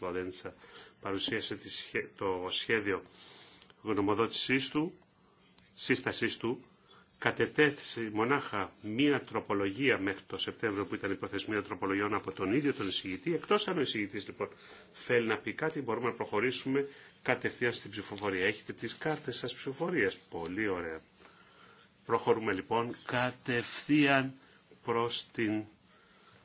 Βαλέντσα παρουσίασε το σχέδιο γνωμοδότησής του, σύστασής του, κατετέθησε μονάχα μία τροπολογία μέχρι το Σεπτέμβριο που ήταν η προθεσμία τροπολογιών από τον ίδιο τον εισηγητή. Εκτός αν ο εισηγητής λοιπόν θέλει να πει κάτι μπορούμε να προχωρήσουμε κατευθείαν στην ψηφοφορία. Έχετε τις κάρτες σας ψηφοφορίας. Πολύ ωραία. Προχωρούμε λοιπόν κατευθείαν προς την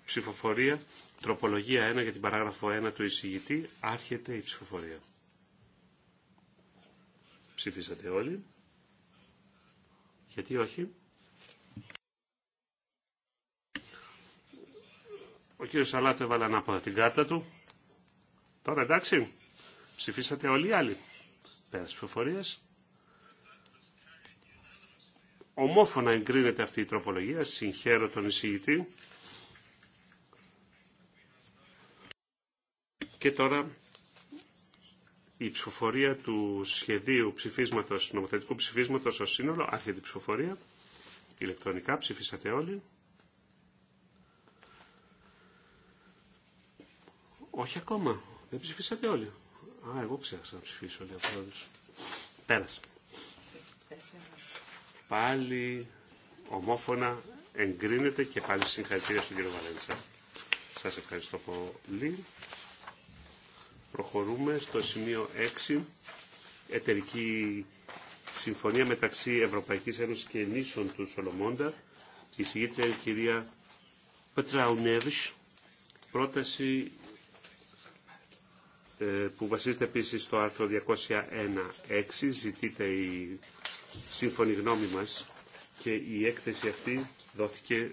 ψηφοφορία. Τροπολογία 1 για την παράγραφο 1 του εισηγητή. Άρχεται η ψηφοφορία. Ψηφίσατε όλοι. Γιατί όχι. Ο κύριος Σαλάτο έβαλε ανάποδα την κάρτα του. Τώρα εντάξει. Ψηφίσατε όλοι οι άλλοι. Πέρας ψηφοφορίας. Ομόφωνα εγκρίνεται αυτή η τροπολογία. Συγχαίρω τον εισηγητή. Και τώρα η ψηφοφορία του σχεδίου ψηφίσματος, νομοθετικού ψηφίσματος ως σύνολο, άρχεται η ψηφοφορία, ηλεκτρονικά, ψηφίσατε όλοι. Όχι ακόμα, δεν ψηφίσατε όλοι. Α, εγώ ξέχασα να ψηφίσω, όλοι από όλους. Πέρασε. Πάλι ομόφωνα εγκρίνεται και πάλι συγχαρητήρια στον κύριο Βαλέντσα. Σας ευχαριστώ πολύ. Προχωρούμε στο σημείο 6, εταιρική συμφωνία μεταξύ Ευρωπαϊκής Ένωσης και ενίσων του Σολομώντα. Η συγγήτρια είναι η κυρία Πετραουνέβης. Πρόταση ε, που βασίζεται επίσης στο άρθρο 201.6. Ζητείται η σύμφωνη γνώμη μας και η έκθεση αυτή δόθηκε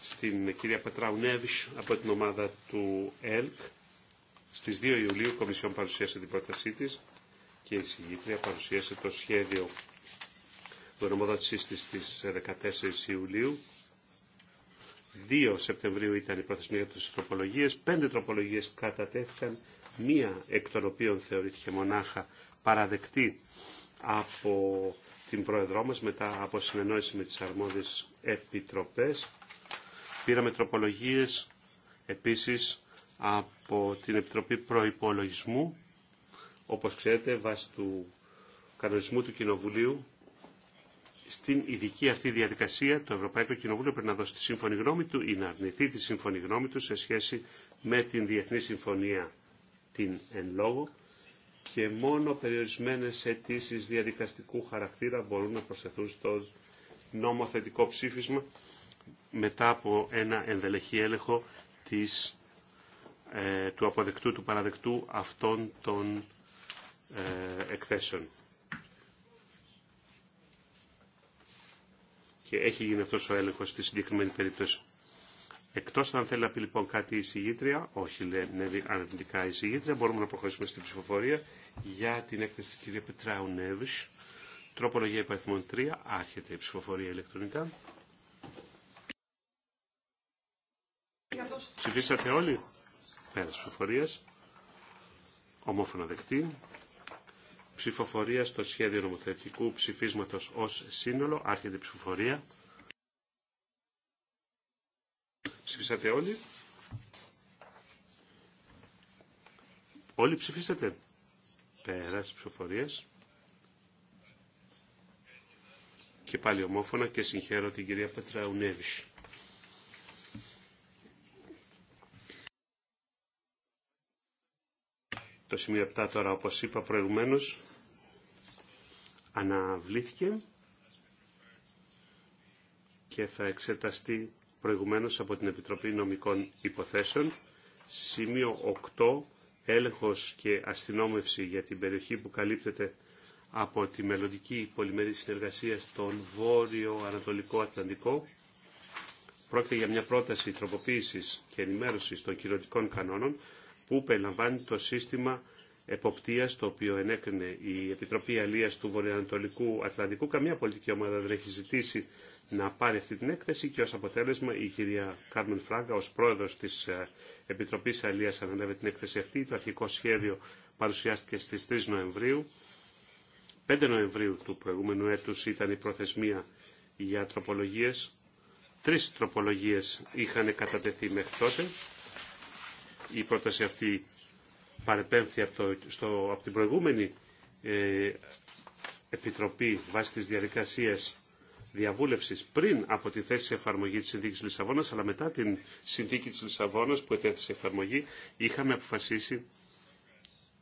στην κυρία Πετραουνέβης από την ομάδα του ΕΛΚ Στι 2 Ιουλίου η Κομισιόν παρουσίασε την πρότασή τη και η συγγήτρια παρουσίασε το σχέδιο του γνωμοδότησής τη στι 14 Ιουλίου. 2 Σεπτεμβρίου ήταν η προθεσμία για τι τροπολογίε. Πέντε τροπολογίε κατατέθηκαν, μία εκ των οποίων θεωρήθηκε μονάχα παραδεκτή από την Πρόεδρό μας μετά από συνεννόηση με τις αρμόδιες επιτροπές. Πήραμε τροπολογίες επίσης από την Επιτροπή Προϋπολογισμού. Όπως ξέρετε, βάσει του κανονισμού του Κοινοβουλίου, στην ειδική αυτή διαδικασία το Ευρωπαϊκό Κοινοβούλιο πρέπει να δώσει τη σύμφωνη γνώμη του ή να αρνηθεί τη σύμφωνη γνώμη του σε σχέση με την Διεθνή Συμφωνία την εν λόγω και μόνο περιορισμένες αιτήσει διαδικαστικού χαρακτήρα μπορούν να προσθεθούν στο νομοθετικό ψήφισμα μετά από ένα ενδελεχή έλεγχο της ε, του αποδεκτού, του παραδεκτού αυτών των ε, εκθέσεων. Και έχει γίνει αυτός ο έλεγχος στη συγκεκριμένη περίπτωση. Εκτός αν θέλει να πει λοιπόν κάτι η συγγήτρια, όχι λέει αρνητικά η συγγήτρια, μπορούμε να προχωρήσουμε στην ψηφοφορία για την έκθεση της κυρία Πετράου Νέβης. Τροπολογία υπαριθμών 3, άρχεται η ψηφοφορία ηλεκτρονικά. Ψηφίσατε όλοι. Πέρας ψηφοφορία. Ομόφωνα δεκτή. Ψηφοφορία στο σχέδιο νομοθετικού ψηφίσματος ως σύνολο. Άρχεται η ψηφοφορία. Ψηφίσατε όλοι. Όλοι ψηφίσατε. Πέρας ψηφοφορία. Και πάλι ομόφωνα και συγχαίρω την κυρία Πετραουνέβη. Το σημείο 7 τώρα, όπως είπα προηγουμένως, αναβλήθηκε και θα εξεταστεί προηγουμένως από την Επιτροπή Νομικών Υποθέσεων. Σημείο 8, έλεγχος και αστυνόμευση για την περιοχή που καλύπτεται από τη μελλοντική πολυμερή συνεργασία στον Βόρειο Ανατολικό Ατλαντικό. Πρόκειται για μια πρόταση τροποποίησης και ενημέρωσης των κυρωτικών κανόνων που περιλαμβάνει το σύστημα εποπτείας το οποίο ενέκρινε η Επιτροπή Αλίας του Βορειοανατολικού Ατλαντικού. Καμία πολιτική ομάδα δεν έχει ζητήσει να πάρει αυτή την έκθεση και ως αποτέλεσμα η κυρία Κάρμεν Φράγκα ως πρόεδρος της ε, Επιτροπής Αλίας ανέλαβε την έκθεση αυτή. Το αρχικό σχέδιο παρουσιάστηκε στις 3 Νοεμβρίου. 5 Νοεμβρίου του προηγούμενου έτους ήταν η προθεσμία για τροπολογίες. Τρεις τροπολογίες είχαν κατατεθεί μέχρι τότε η πρόταση αυτή παρεπέμφθη από, το, από την προηγούμενη ε, Επιτροπή βάσει της διαδικασίας διαβούλευσης πριν από τη θέση εφαρμογή της Συνθήκης Λισαβόνας, αλλά μετά την Συνθήκη της Λισαβόνας που σε εφαρμογή, είχαμε αποφασίσει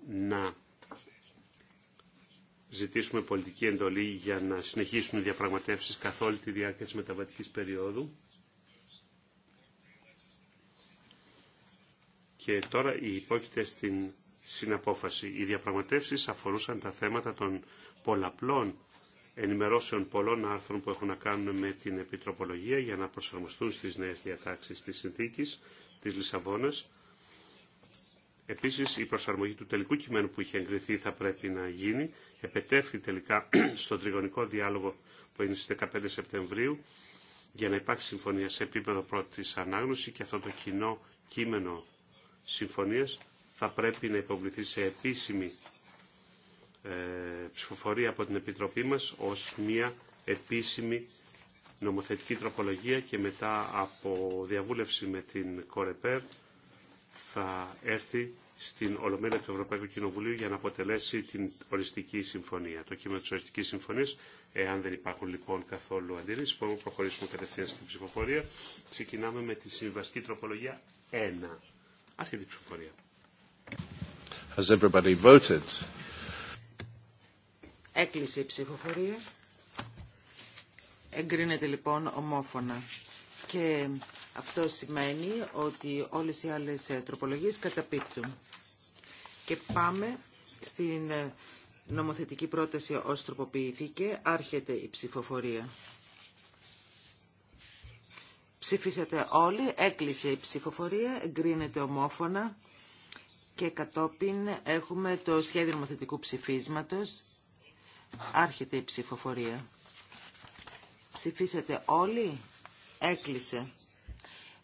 να ζητήσουμε πολιτική εντολή για να συνεχίσουν οι διαπραγματεύσεις καθ' όλη τη διάρκεια της μεταβατικής περίοδου και τώρα υπόκειται στην συναπόφαση. Οι διαπραγματεύσεις αφορούσαν τα θέματα των πολλαπλών ενημερώσεων πολλών άρθρων που έχουν να κάνουν με την επιτροπολογία για να προσαρμοστούν στις νέες διατάξεις της συνθήκης της Λισαβόνας. Επίσης, η προσαρμογή του τελικού κειμένου που είχε εγκριθεί θα πρέπει να γίνει. Επετεύχθη τελικά στον τριγωνικό διάλογο που είναι στις 15 Σεπτεμβρίου για να υπάρξει συμφωνία σε επίπεδο πρώτη ανάγνωση και αυτό το κοινό κείμενο συμφωνίας θα πρέπει να υποβληθεί σε επίσημη ε, ψηφοφορία από την Επιτροπή μας ως μια επίσημη νομοθετική τροπολογία και μετά από διαβούλευση με την ΚΟΡΕΠΕΡ θα έρθει στην Ολομέλεια του Ευρωπαϊκού Κοινοβουλίου για να αποτελέσει την οριστική συμφωνία. Το κείμενο της οριστικής συμφωνίας, εάν δεν υπάρχουν λοιπόν καθόλου αντιρρήσεις, μπορούμε να προχωρήσουμε κατευθείαν στην ψηφοφορία. Ξεκινάμε με τη συμβαστική τροπολογία 1. Άρχεται η ψηφοφορία. Has everybody Έκλεισε η ψηφοφορία. Εγκρίνεται λοιπόν ομόφωνα. Και αυτό σημαίνει ότι όλες οι άλλες ε, τροπολογίες καταπίπτουν. Και πάμε στην ε, νομοθετική πρόταση ως τροποποιηθήκε. Άρχεται η ψηφοφορία. Ψηφίσατε όλοι, έκλεισε η ψηφοφορία, εγκρίνεται ομόφωνα και κατόπιν έχουμε το σχέδιο νομοθετικού ψηφίσματος. Άρχεται η ψηφοφορία. Ψηφίσατε όλοι, έκλεισε.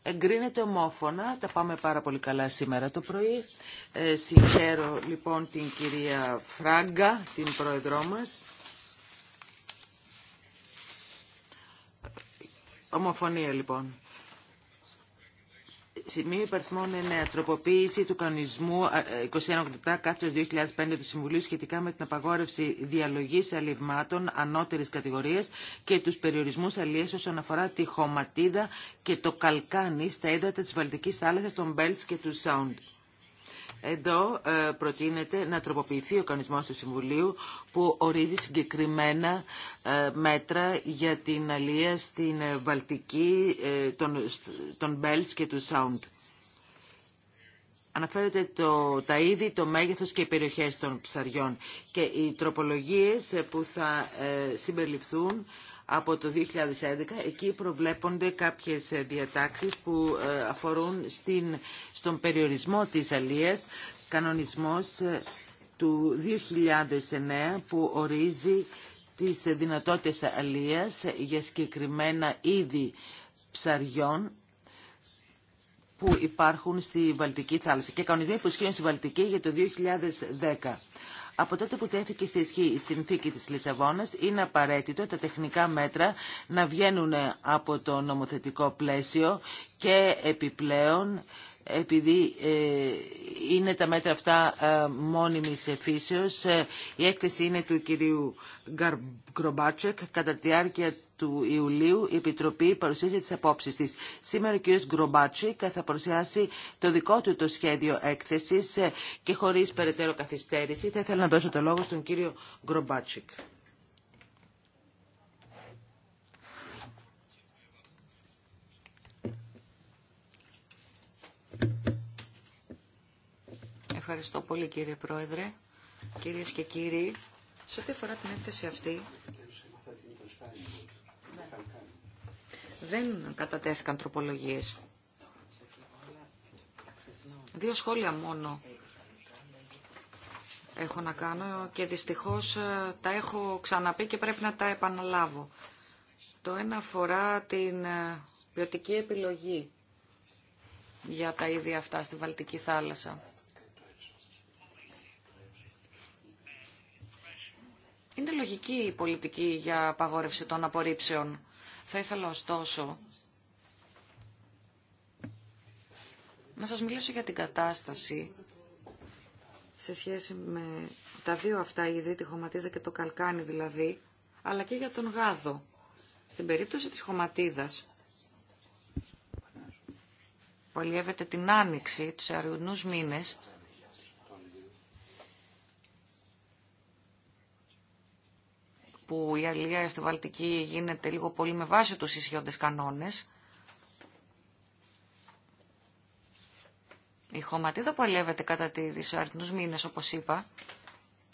Εγκρίνεται ομόφωνα, τα πάμε πάρα πολύ καλά σήμερα το πρωί. Ε, συγχαίρω λοιπόν την κυρία Φράγκα, την πρόεδρό μας. Ομοφωνία λοιπόν. Σημείο υπαριθμών η Τροποποίηση του κανονισμού 2187 κάτω 2005 του Συμβουλίου σχετικά με την απαγόρευση διαλογής αλληλευμάτων ανώτερη κατηγορίας και του περιορισμού αλλιές όσον αφορά τη χωματίδα και το καλκάνι στα έντατα τη Βαλτική θάλασσα, των Μπέλτ και του Σάουντ. Εδώ ε, προτείνεται να τροποποιηθεί ο κανονισμός του Συμβουλίου που ορίζει συγκεκριμένα ε, μέτρα για την αλία στην ε, Βαλτική, των τον και του Σάουντ. Αναφέρεται το, τα είδη, το μέγεθος και οι περιοχές των ψαριών και οι τροπολογίες που θα συμπεριληφθούν από το 2011. Εκεί προβλέπονται κάποιες ε, διατάξεις που ε, αφορούν στην, στον περιορισμό της αλίας, κανονισμός ε, του 2009 που ορίζει τις δυνατότητες αλίας για συγκεκριμένα είδη ψαριών που υπάρχουν στη Βαλτική θάλασσα και κανονισμοί που ισχύουν στη Βαλτική για το 2010. Από τότε που τέθηκε σε ισχύ η συνθήκη της Λισαβόνας είναι απαραίτητο τα τεχνικά μέτρα να βγαίνουν από το νομοθετικό πλαίσιο και επιπλέον επειδή ε, είναι τα μέτρα αυτά ε, μόνιμης εφήσεως. Ε, η έκθεση είναι του κυρίου Γκρομπάτσεκ. Κατά τη διάρκεια του Ιουλίου η Επιτροπή παρουσίασε τις απόψεις της. Σήμερα ο κύριος Γκρομπάτσεκ θα παρουσιάσει το δικό του το σχέδιο έκθεσης και χωρίς περαιτέρω καθυστέρηση θα ήθελα να δώσω το λόγο στον κύριο Γκρομπάτσεκ. Ευχαριστώ πολύ κύριε Πρόεδρε, κυρίες και κύριοι. Σε ό,τι αφορά την έκθεση αυτή, δεν κατατέθηκαν τροπολογίες. Δύο σχόλια μόνο έχω να κάνω και δυστυχώς ε, τα έχω ξαναπεί και πρέπει να τα επαναλάβω. Το ένα αφορά την ε, ποιοτική επιλογή για τα ίδια αυτά στη Βαλτική θάλασσα. Είναι λογική η πολιτική για απαγόρευση των απορρίψεων. Θα ήθελα ωστόσο να σας μιλήσω για την κατάσταση σε σχέση με τα δύο αυτά η τη χωματίδα και το καλκάνι δηλαδή, αλλά και για τον γάδο. Στην περίπτωση της χωματίδας, που αλλιεύεται την άνοιξη, τους αριουνούς μήνες, η αλληλεία στη Βαλτική γίνεται λίγο πολύ με βάση τους ισχυόντες κανόνες. Η χωματίδα που αλλιεύεται κατά τις αριθμούς μήνες, όπως είπα,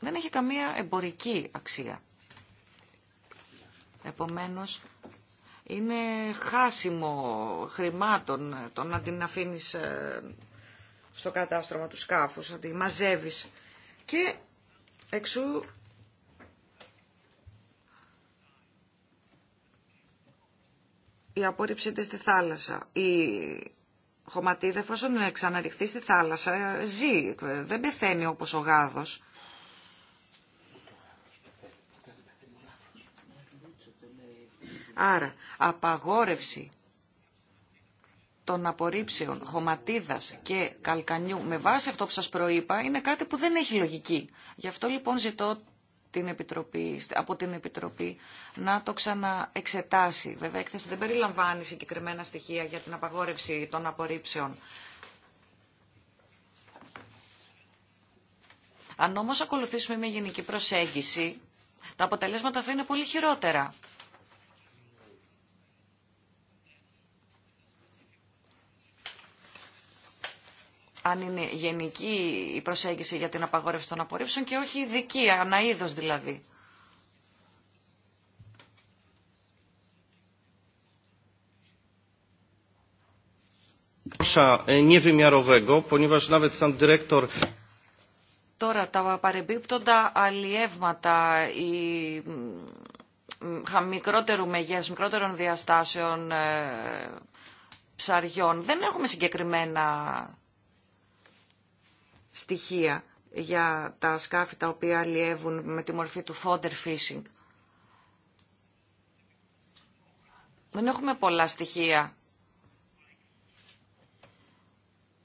δεν έχει καμία εμπορική αξία. Επομένως, είναι χάσιμο χρημάτων το να την αφήνεις ε, στο κατάστρωμα του σκάφους, να τη μαζεύεις. Και εξού η απόρριψή της στη θάλασσα. Η χωματίδα εφόσον ξαναρριχθεί στη θάλασσα ζει, δεν πεθαίνει όπως ο γάδος. Άρα, απαγόρευση των απορρίψεων χωματίδας και καλκανιού με βάση αυτό που σας προείπα είναι κάτι που δεν έχει λογική. Γι' αυτό λοιπόν ζητώ την Επιτροπή, από την Επιτροπή να το ξαναεξετάσει. Βέβαια, η έκθεση δεν περιλαμβάνει συγκεκριμένα στοιχεία για την απαγόρευση των απορρίψεων. Αν όμως ακολουθήσουμε μια γενική προσέγγιση, τα αποτελέσματα θα είναι πολύ χειρότερα. αν είναι γενική η προσέγγιση για την απαγόρευση των απορρίψεων και όχι ειδική, αναείδος δηλαδή. E, Τώρα τα παρεμπίπτοντα αλλιεύματα οι μικρότερου μεγέθους, μικρότερων διαστάσεων ε, ψαριών δεν έχουμε συγκεκριμένα στοιχεία για τα σκάφη τα οποία αλλιεύουν με τη μορφή του fodder fishing. Δεν έχουμε πολλά στοιχεία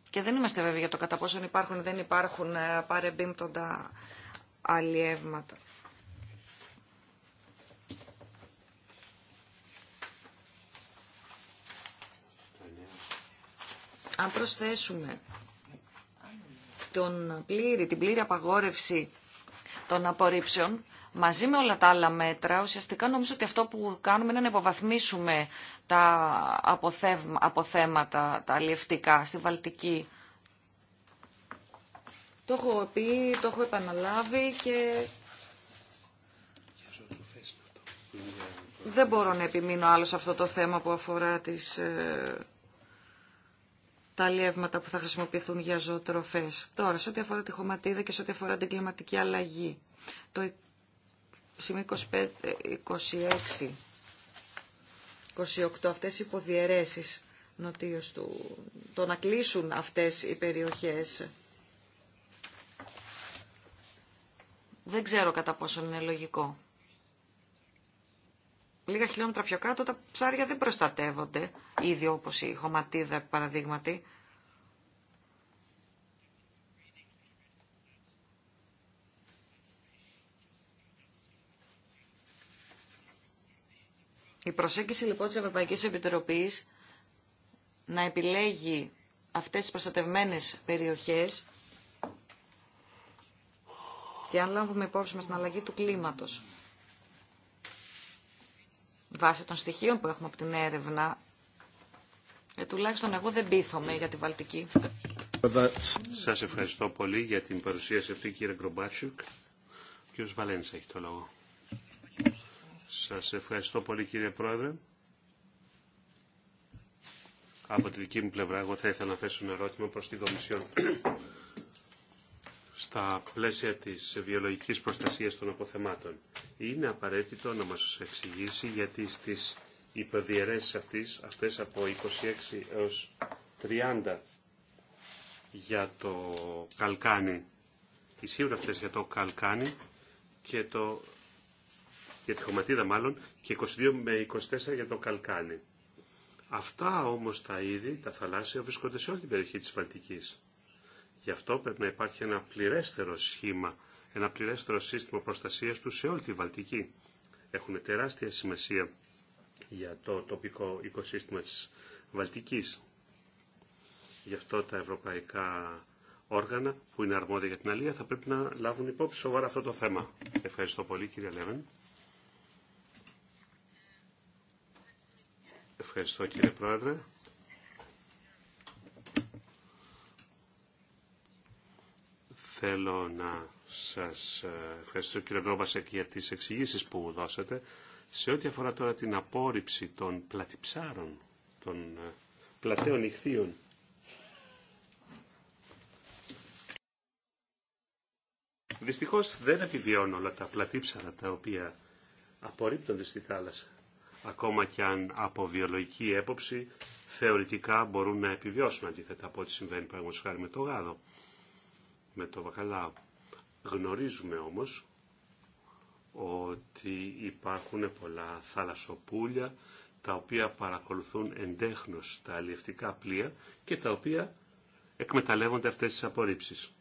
και δεν είμαστε βέβαιοι για το κατά πόσον υπάρχουν ή δεν υπάρχουν ε, παρεμπίμπτοντα αλλιεύματα. Αν προσθέσουμε τον πλήρη, την πλήρη απαγόρευση των απορρίψεων, μαζί με όλα τα άλλα μέτρα, ουσιαστικά νομίζω ότι αυτό που κάνουμε είναι να υποβαθμίσουμε τα αποθέματα, τα αλλιευτικά στη Βαλτική. Το έχω πει, το έχω επαναλάβει και δεν μπορώ να επιμείνω άλλο σε αυτό το θέμα που αφορά τις ε, τα αλλιεύματα που θα χρησιμοποιηθούν για ζωοτροφές. Τώρα, σε ό,τι αφορά τη χωματίδα και σε ό,τι αφορά την κλιματική αλλαγή, το σημείο 26, 28, αυτές οι υποδιαιρέσεις νοτίως του, το να κλείσουν αυτές οι περιοχές, δεν ξέρω κατά πόσο είναι λογικό λίγα χιλιόμετρα πιο κάτω τα ψάρια δεν προστατεύονται ήδη όπως η χωματίδα παραδείγματι. Η προσέγγιση λοιπόν της Ευρωπαϊκής Επιτροπής να επιλέγει αυτές τις προστατευμένες περιοχές και αν λάβουμε υπόψη μας την αλλαγή του κλίματος βάσει των στοιχείων που έχουμε από την έρευνα, ε, τουλάχιστον εγώ δεν πείθομαι για τη Βαλτική. Σας ευχαριστώ πολύ για την παρουσίαση αυτή κύριε Γκρομπάτσουκ. Ο κύριος Βαλένσα έχει το λόγο. Σας ευχαριστώ πολύ κύριε Πρόεδρε. Από τη δική μου πλευρά εγώ θα ήθελα να θέσω ένα ερώτημα προς την Κομισιόν στα πλαίσια της βιολογικής προστασίας των αποθεμάτων. Είναι απαραίτητο να μας εξηγήσει γιατί στις υπερδιαιρέσεις αυτές, αυτές από 26 έως 30 για το καλκάνι, ισχύουν αυτές για το καλκάνι και το, για τη χωματίδα μάλλον και 22 με 24 για το καλκάνι. Αυτά όμως τα είδη, τα θαλάσσια, βρίσκονται σε όλη την περιοχή της Βαλτικής. Γι' αυτό πρέπει να υπάρχει ένα πληρέστερο σχήμα, ένα πληρέστερο σύστημα προστασίας του σε όλη τη Βαλτική. Έχουν τεράστια σημασία για το τοπικό οικοσύστημα της Βαλτικής. Γι' αυτό τα ευρωπαϊκά όργανα που είναι αρμόδια για την αλία θα πρέπει να λάβουν υπόψη σοβαρά αυτό το θέμα. Ευχαριστώ πολύ κύριε Λέβεν. Ευχαριστώ κύριε Πρόεδρε. Θέλω να σας ε, ευχαριστώ κύριε Γκρόμπασεκ για τις εξηγήσεις που μου δώσατε. Σε ό,τι αφορά τώρα την απόρριψη των πλατιψάρων, των ε, πλατέων ηχθείων, Δυστυχώς δεν επιβιώνω όλα τα πλατύψαρα τα οποία απορρίπτονται στη θάλασσα. Ακόμα και αν από βιολογική έποψη θεωρητικά μπορούν να επιβιώσουν αντίθετα από ό,τι συμβαίνει πραγματικά με το γάδο με το βακαλάο. Γνωρίζουμε όμως ότι υπάρχουν πολλά θαλασσοπούλια τα οποία παρακολουθούν εντέχνως τα αλλιευτικά πλοία και τα οποία εκμεταλλεύονται αυτές τις απορρίψεις.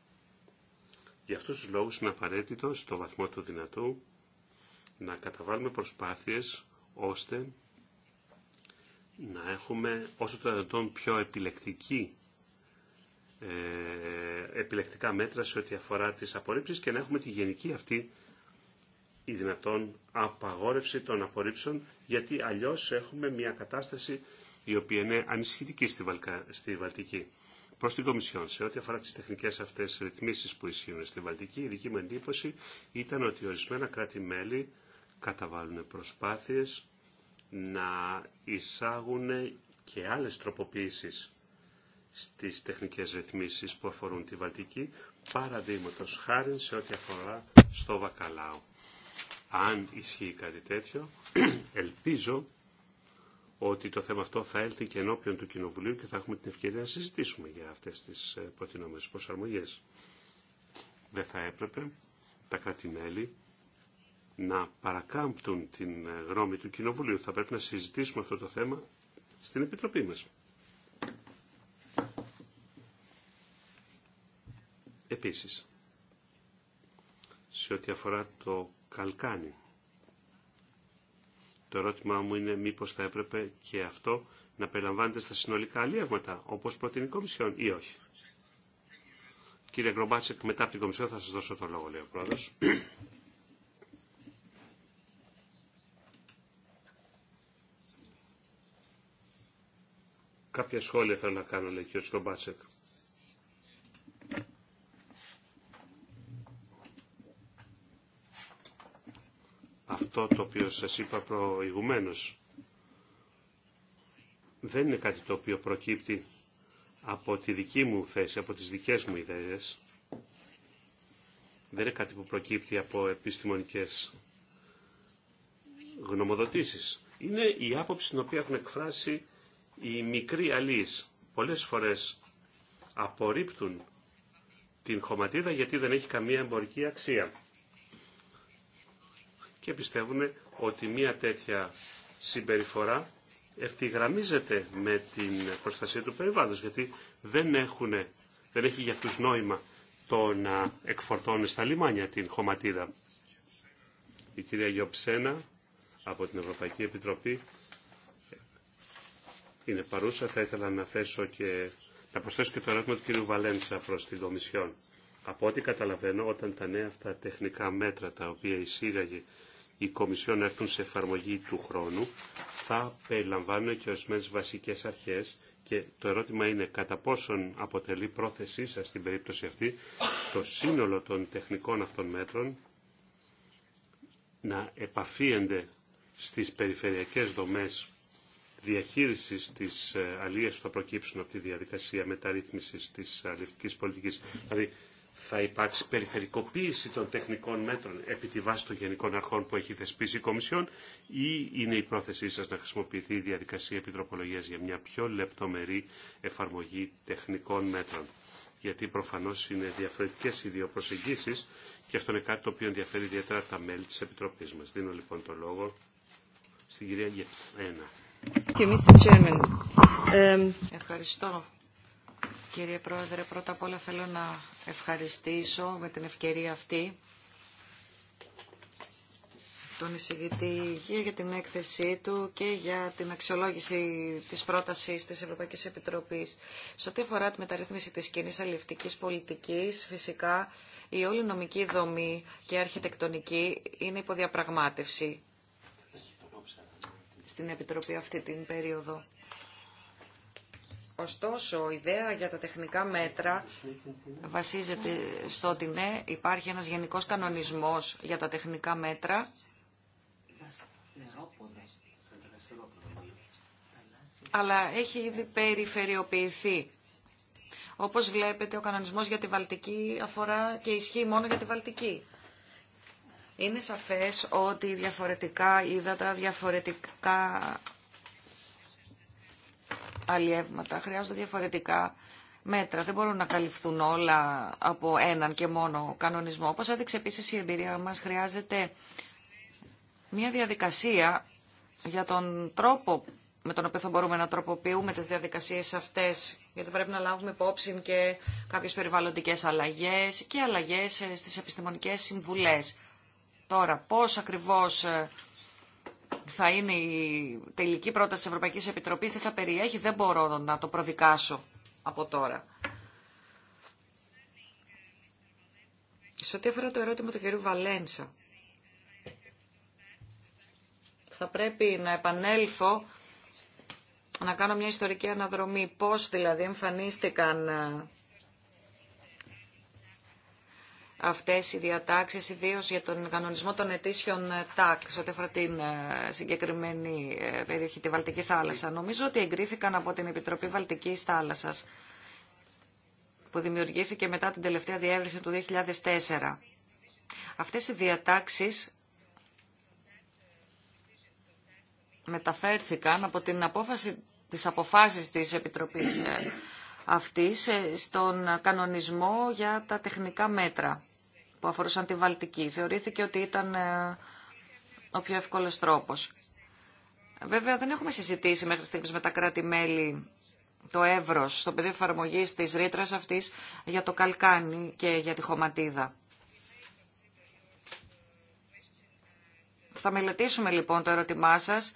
Γι' αυτούς τους λόγους είναι απαραίτητο στο βαθμό του δυνατού να καταβάλουμε προσπάθειες ώστε να έχουμε όσο το δυνατόν πιο επιλεκτική ε, επιλεκτικά μέτρα σε ό,τι αφορά τις απορρίψεις και να έχουμε τη γενική αυτή η δυνατόν απαγόρευση των απορρίψεων γιατί αλλιώς έχουμε μια κατάσταση η οποία είναι ανησυχητική στη, Βαλτική. Προ την Κομισιόν, σε ό,τι αφορά τι τεχνικέ αυτέ ρυθμίσει που ισχύουν στη Βαλτική, η δική μου εντύπωση ήταν ότι ορισμένα κράτη-μέλη καταβάλουν προσπάθειες να εισάγουν και άλλε τροποποίησει στις τεχνικές ρυθμίσεις που αφορούν τη Βαλτική, παραδείγματο χάρη σε ό,τι αφορά στο Βακαλάο. Αν ισχύει κάτι τέτοιο, ελπίζω ότι το θέμα αυτό θα έλθει και ενώπιον του Κοινοβουλίου και θα έχουμε την ευκαιρία να συζητήσουμε για αυτές τις ε, προτινόμενες προσαρμογές. Δεν θα έπρεπε τα κράτη-μέλη να παρακάμπτουν την ε, γνώμη του Κοινοβουλίου. Θα πρέπει να συζητήσουμε αυτό το θέμα στην Επιτροπή μας. Επίσης, σε ό,τι αφορά το καλκάνι, το ερώτημά μου είναι μήπως θα έπρεπε και αυτό να περιλαμβάνεται στα συνολικά αλλιεύματα, όπως προτείνει η Κομισιόν ή όχι. Κύριε Γκρομπάτσεκ, μετά από την Κομισιόν θα σας δώσω το λόγο, λέει ο Πρόεδρος. Κάποια σχόλια θέλω να κάνω, λέει ο κ. Γκρομπάτσεκ. αυτό το οποίο σας είπα προηγουμένως. Δεν είναι κάτι το οποίο προκύπτει από τη δική μου θέση, από τις δικές μου ιδέες. Δεν είναι κάτι που προκύπτει από επιστημονικές γνωμοδοτήσεις. Είναι η άποψη την οποία έχουν εκφράσει οι μικροί αλείς. Πολλές φορές απορρίπτουν την χωματίδα γιατί δεν έχει καμία εμπορική αξία και πιστεύουν ότι μια τέτοια συμπεριφορά ευθυγραμμίζεται με την προστασία του περιβάλλοντος, γιατί δεν, έχουν, δεν έχει για αυτούς νόημα το να εκφορτώνουν στα λιμάνια την χωματίδα. Η κυρία Γιοψένα από την Ευρωπαϊκή Επιτροπή είναι παρούσα. Θα ήθελα να, θέσω και, να προσθέσω και το ερώτημα του κυρίου Βαλένσα προς την Κομισιόν. Από ό,τι καταλαβαίνω, όταν τα νέα αυτά τεχνικά μέτρα τα οποία εισήγαγε η Κομισιόν να έρθουν σε εφαρμογή του χρόνου θα περιλαμβάνουν και ορισμένε βασικέ αρχές και το ερώτημα είναι κατά πόσον αποτελεί πρόθεσή σα στην περίπτωση αυτή το σύνολο των τεχνικών αυτών μέτρων να επαφίενται στις περιφερειακές δομές διαχείρισης της ε, αλίας που θα προκύψουν από τη διαδικασία μεταρρύθμισης τη ε, αλληλευτική πολιτική. Δηλαδή, θα υπάρξει περιφερικοποίηση των τεχνικών μέτρων επί τη βάση των γενικών αρχών που έχει θεσπίσει η Κομισιόν ή είναι η πρόθεσή σας να χρησιμοποιηθεί η διαδικασία επιτροπολογίας για μια πιο λεπτομερή εφαρμογή τεχνικών μέτρων. Γιατί προφανώς είναι διαφορετικές οι δύο προσεγγίσεις και αυτό είναι κάτι το οποίο ενδιαφέρει ιδιαίτερα τα μέλη της Επιτροπής μας. Δίνω λοιπόν το λόγο στην κυρία Γεψένα. Ευχαριστώ Κύριε Πρόεδρε, πρώτα απ' όλα θέλω να ευχαριστήσω με την ευκαιρία αυτή τον εισηγητή για την έκθεσή του και για την αξιολόγηση της πρότασης της Ευρωπαϊκής Επιτροπής. Σε ό,τι αφορά τη μεταρρύθμιση της κοινή αλληλευτικής πολιτικής, φυσικά η όλη νομική δομή και αρχιτεκτονική είναι υποδιαπραγμάτευση στην Επιτροπή αυτή την περίοδο. Ωστόσο, η ιδέα για τα τεχνικά μέτρα βασίζεται στο ότι ναι, υπάρχει ένας γενικός κανονισμός για τα τεχνικά μέτρα. Αλλά έχει ήδη περιφερειοποιηθεί. Όπως βλέπετε, ο κανονισμός για τη Βαλτική αφορά και ισχύει μόνο για τη Βαλτική. Είναι σαφές ότι διαφορετικά ύδατα, διαφορετικά αλλιεύματα. Χρειάζονται διαφορετικά μέτρα. Δεν μπορούν να καλυφθούν όλα από έναν και μόνο κανονισμό. Όπως έδειξε επίσης η εμπειρία μας, χρειάζεται μια διαδικασία για τον τρόπο με τον οποίο θα μπορούμε να τροποποιούμε τις διαδικασίες αυτές, γιατί πρέπει να λάβουμε υπόψη και κάποιες περιβαλλοντικές αλλαγές και αλλαγές ε, στις επιστημονικές συμβουλές. Τώρα, πώς ακριβώς ε, θα είναι η τελική πρόταση της Ευρωπαϊκής Επιτροπής, τι θα περιέχει, δεν μπορώ να το προδικάσω από τώρα. Σε ό,τι αφορά το ερώτημα του κ. Βαλένσα, θα πρέπει να επανέλθω να κάνω μια ιστορική αναδρομή. Πώς δηλαδή εμφανίστηκαν ε, αυτές οι διατάξεις, ιδίως για τον κανονισμό των ετήσιων ε, τάξ, ό,τι αφορά την ε, συγκεκριμένη ε, περιοχή, τη Βαλτική θάλασσα. Νομίζω ότι εγκρίθηκαν από την Επιτροπή Βαλτικής θάλασσας, που δημιουργήθηκε μετά την τελευταία διεύρυνση του 2004. Αυτές οι διατάξεις μεταφέρθηκαν από την απόφαση της αποφάσεις της Επιτροπής αυτής στον κανονισμό για τα τεχνικά μέτρα που αφορούσαν τη Βαλτική. Θεωρήθηκε ότι ήταν ε, ο πιο εύκολος τρόπος. Βέβαια δεν έχουμε συζητήσει μέχρι στιγμής με τα κράτη-μέλη το εύρος στο πεδίο εφαρμογή της ρήτρα αυτής για το καλκάνι και για τη χωματίδα. Θα μελετήσουμε λοιπόν το ερώτημά σας.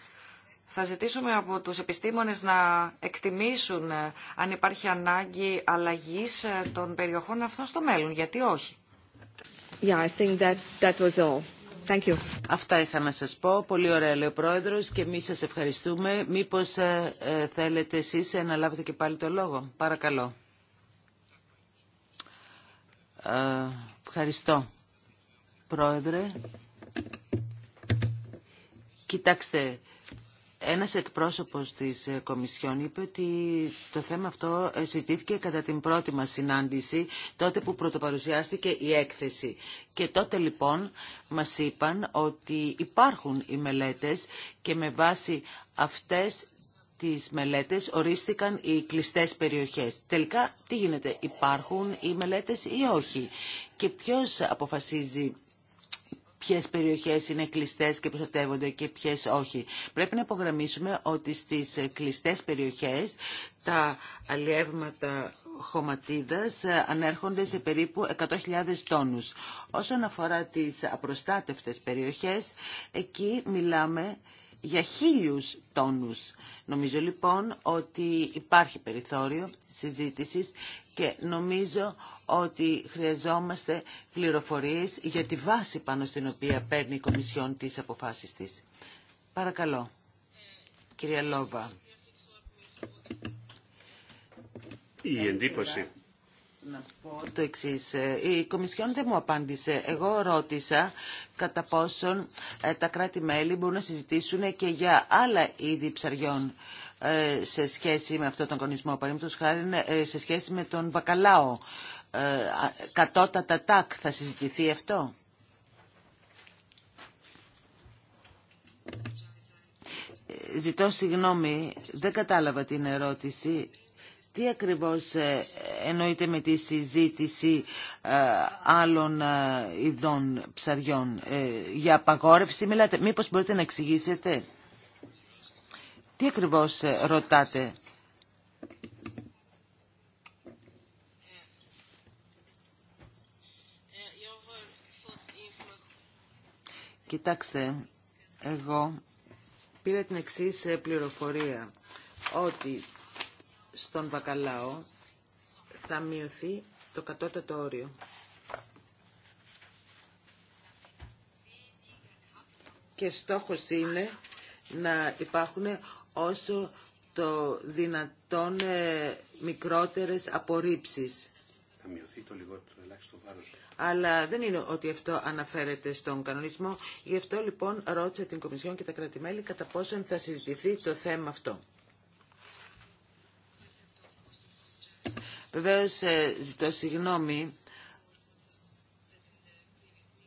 Θα ζητήσουμε από τους επιστήμονες να εκτιμήσουν ε, αν υπάρχει ανάγκη αλλαγής ε, των περιοχών αυτών στο μέλλον. Γιατί όχι. Αυτά είχα να σας πω. Πολύ ωραία λέει ο Πρόεδρος και εμείς σας ευχαριστούμε. Μήπως ε, ε, θέλετε εσείς ε, να λάβετε και πάλι το λόγο. Παρακαλώ. Ε, ευχαριστώ. Πρόεδρε. Κοιτάξτε, ένας εκπρόσωπος της ε, Κομισιόν είπε ότι το θέμα αυτό ε, συζητήθηκε κατά την πρώτη μας συνάντηση, τότε που πρωτοπαρουσιάστηκε η έκθεση. Και τότε λοιπόν μας είπαν ότι υπάρχουν οι μελέτες και με βάση αυτές τις μελέτες ορίστηκαν οι κλειστές περιοχές. Τελικά τι γίνεται, υπάρχουν οι μελέτες ή όχι. Και ποιος αποφασίζει Ποιε περιοχές είναι κλειστέ και προστατεύονται και ποιε όχι. Πρέπει να υπογραμμίσουμε ότι στις κλειστέ περιοχές τα αλλιεύματα χωματίδας ανέρχονται σε περίπου 100.000 τόνους. Όσον αφορά τις απροστάτευτες περιοχές, εκεί μιλάμε για χίλιους τόνους. Νομίζω λοιπόν ότι υπάρχει περιθώριο συζήτησης και νομίζω ότι χρειαζόμαστε πληροφορίες για τη βάση πάνω στην οποία παίρνει η Κομισιόν τις αποφάσεις της. Παρακαλώ, κυρία Λόβα. Η εντύπωση. Να πω το εξής. Ε, η Κομισιόν δεν μου απάντησε. Εγώ ρώτησα κατά πόσον ε, τα κράτη-μέλη μπορούν να συζητήσουν και για άλλα είδη ψαριών ε, σε σχέση με αυτόν τον κονισμό. Παραδείγματο χάρη σε σχέση με τον βακαλάο. Ε, κατώτατα τάκ. Θα συζητηθεί αυτό. Ε, ζητώ συγγνώμη, δεν κατάλαβα την ερώτηση. Τι ακριβώς ε, εννοείται με τη συζήτηση άλλων ειδών ψαριών. Για απαγόρευση μιλάτε. Μήπως μπορείτε να εξηγήσετε. Τι ακριβώς ρωτάτε. Κοιτάξτε, εγώ πήρα την εξή πληροφορία, ότι στον Βακαλάο θα μειωθεί το κατώτατο όριο. Και στόχος είναι να υπάρχουν όσο το δυνατόν ε, μικρότερες απορρίψεις. Θα μειωθεί το λιγότερο ελάχιστο βάρος αλλά δεν είναι ότι αυτό αναφέρεται στον κανονισμό. Γι' αυτό λοιπόν ρώτησα την Κομισιόν και τα κρατημέλη κατά πόσον θα συζητηθεί το θέμα αυτό. Βεβαίω ε, ζητώ συγγνώμη.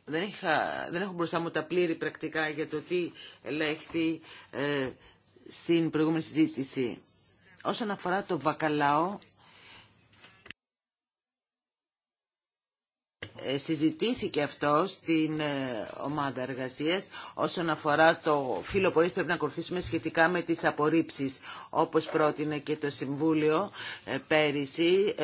Δεν, είχα, δεν έχω μπροστά μου τα πλήρη πρακτικά για το τι ελέγχθη ε, στην προηγούμενη συζήτηση. Όσον αφορά το βακαλάο, Ε, συζητήθηκε αυτό στην ε, ομάδα εργασίας όσον αφορά το φύλλο που πρέπει να ακολουθήσουμε σχετικά με τις απορρίψεις όπως πρότεινε και το Συμβούλιο ε, πέρυσι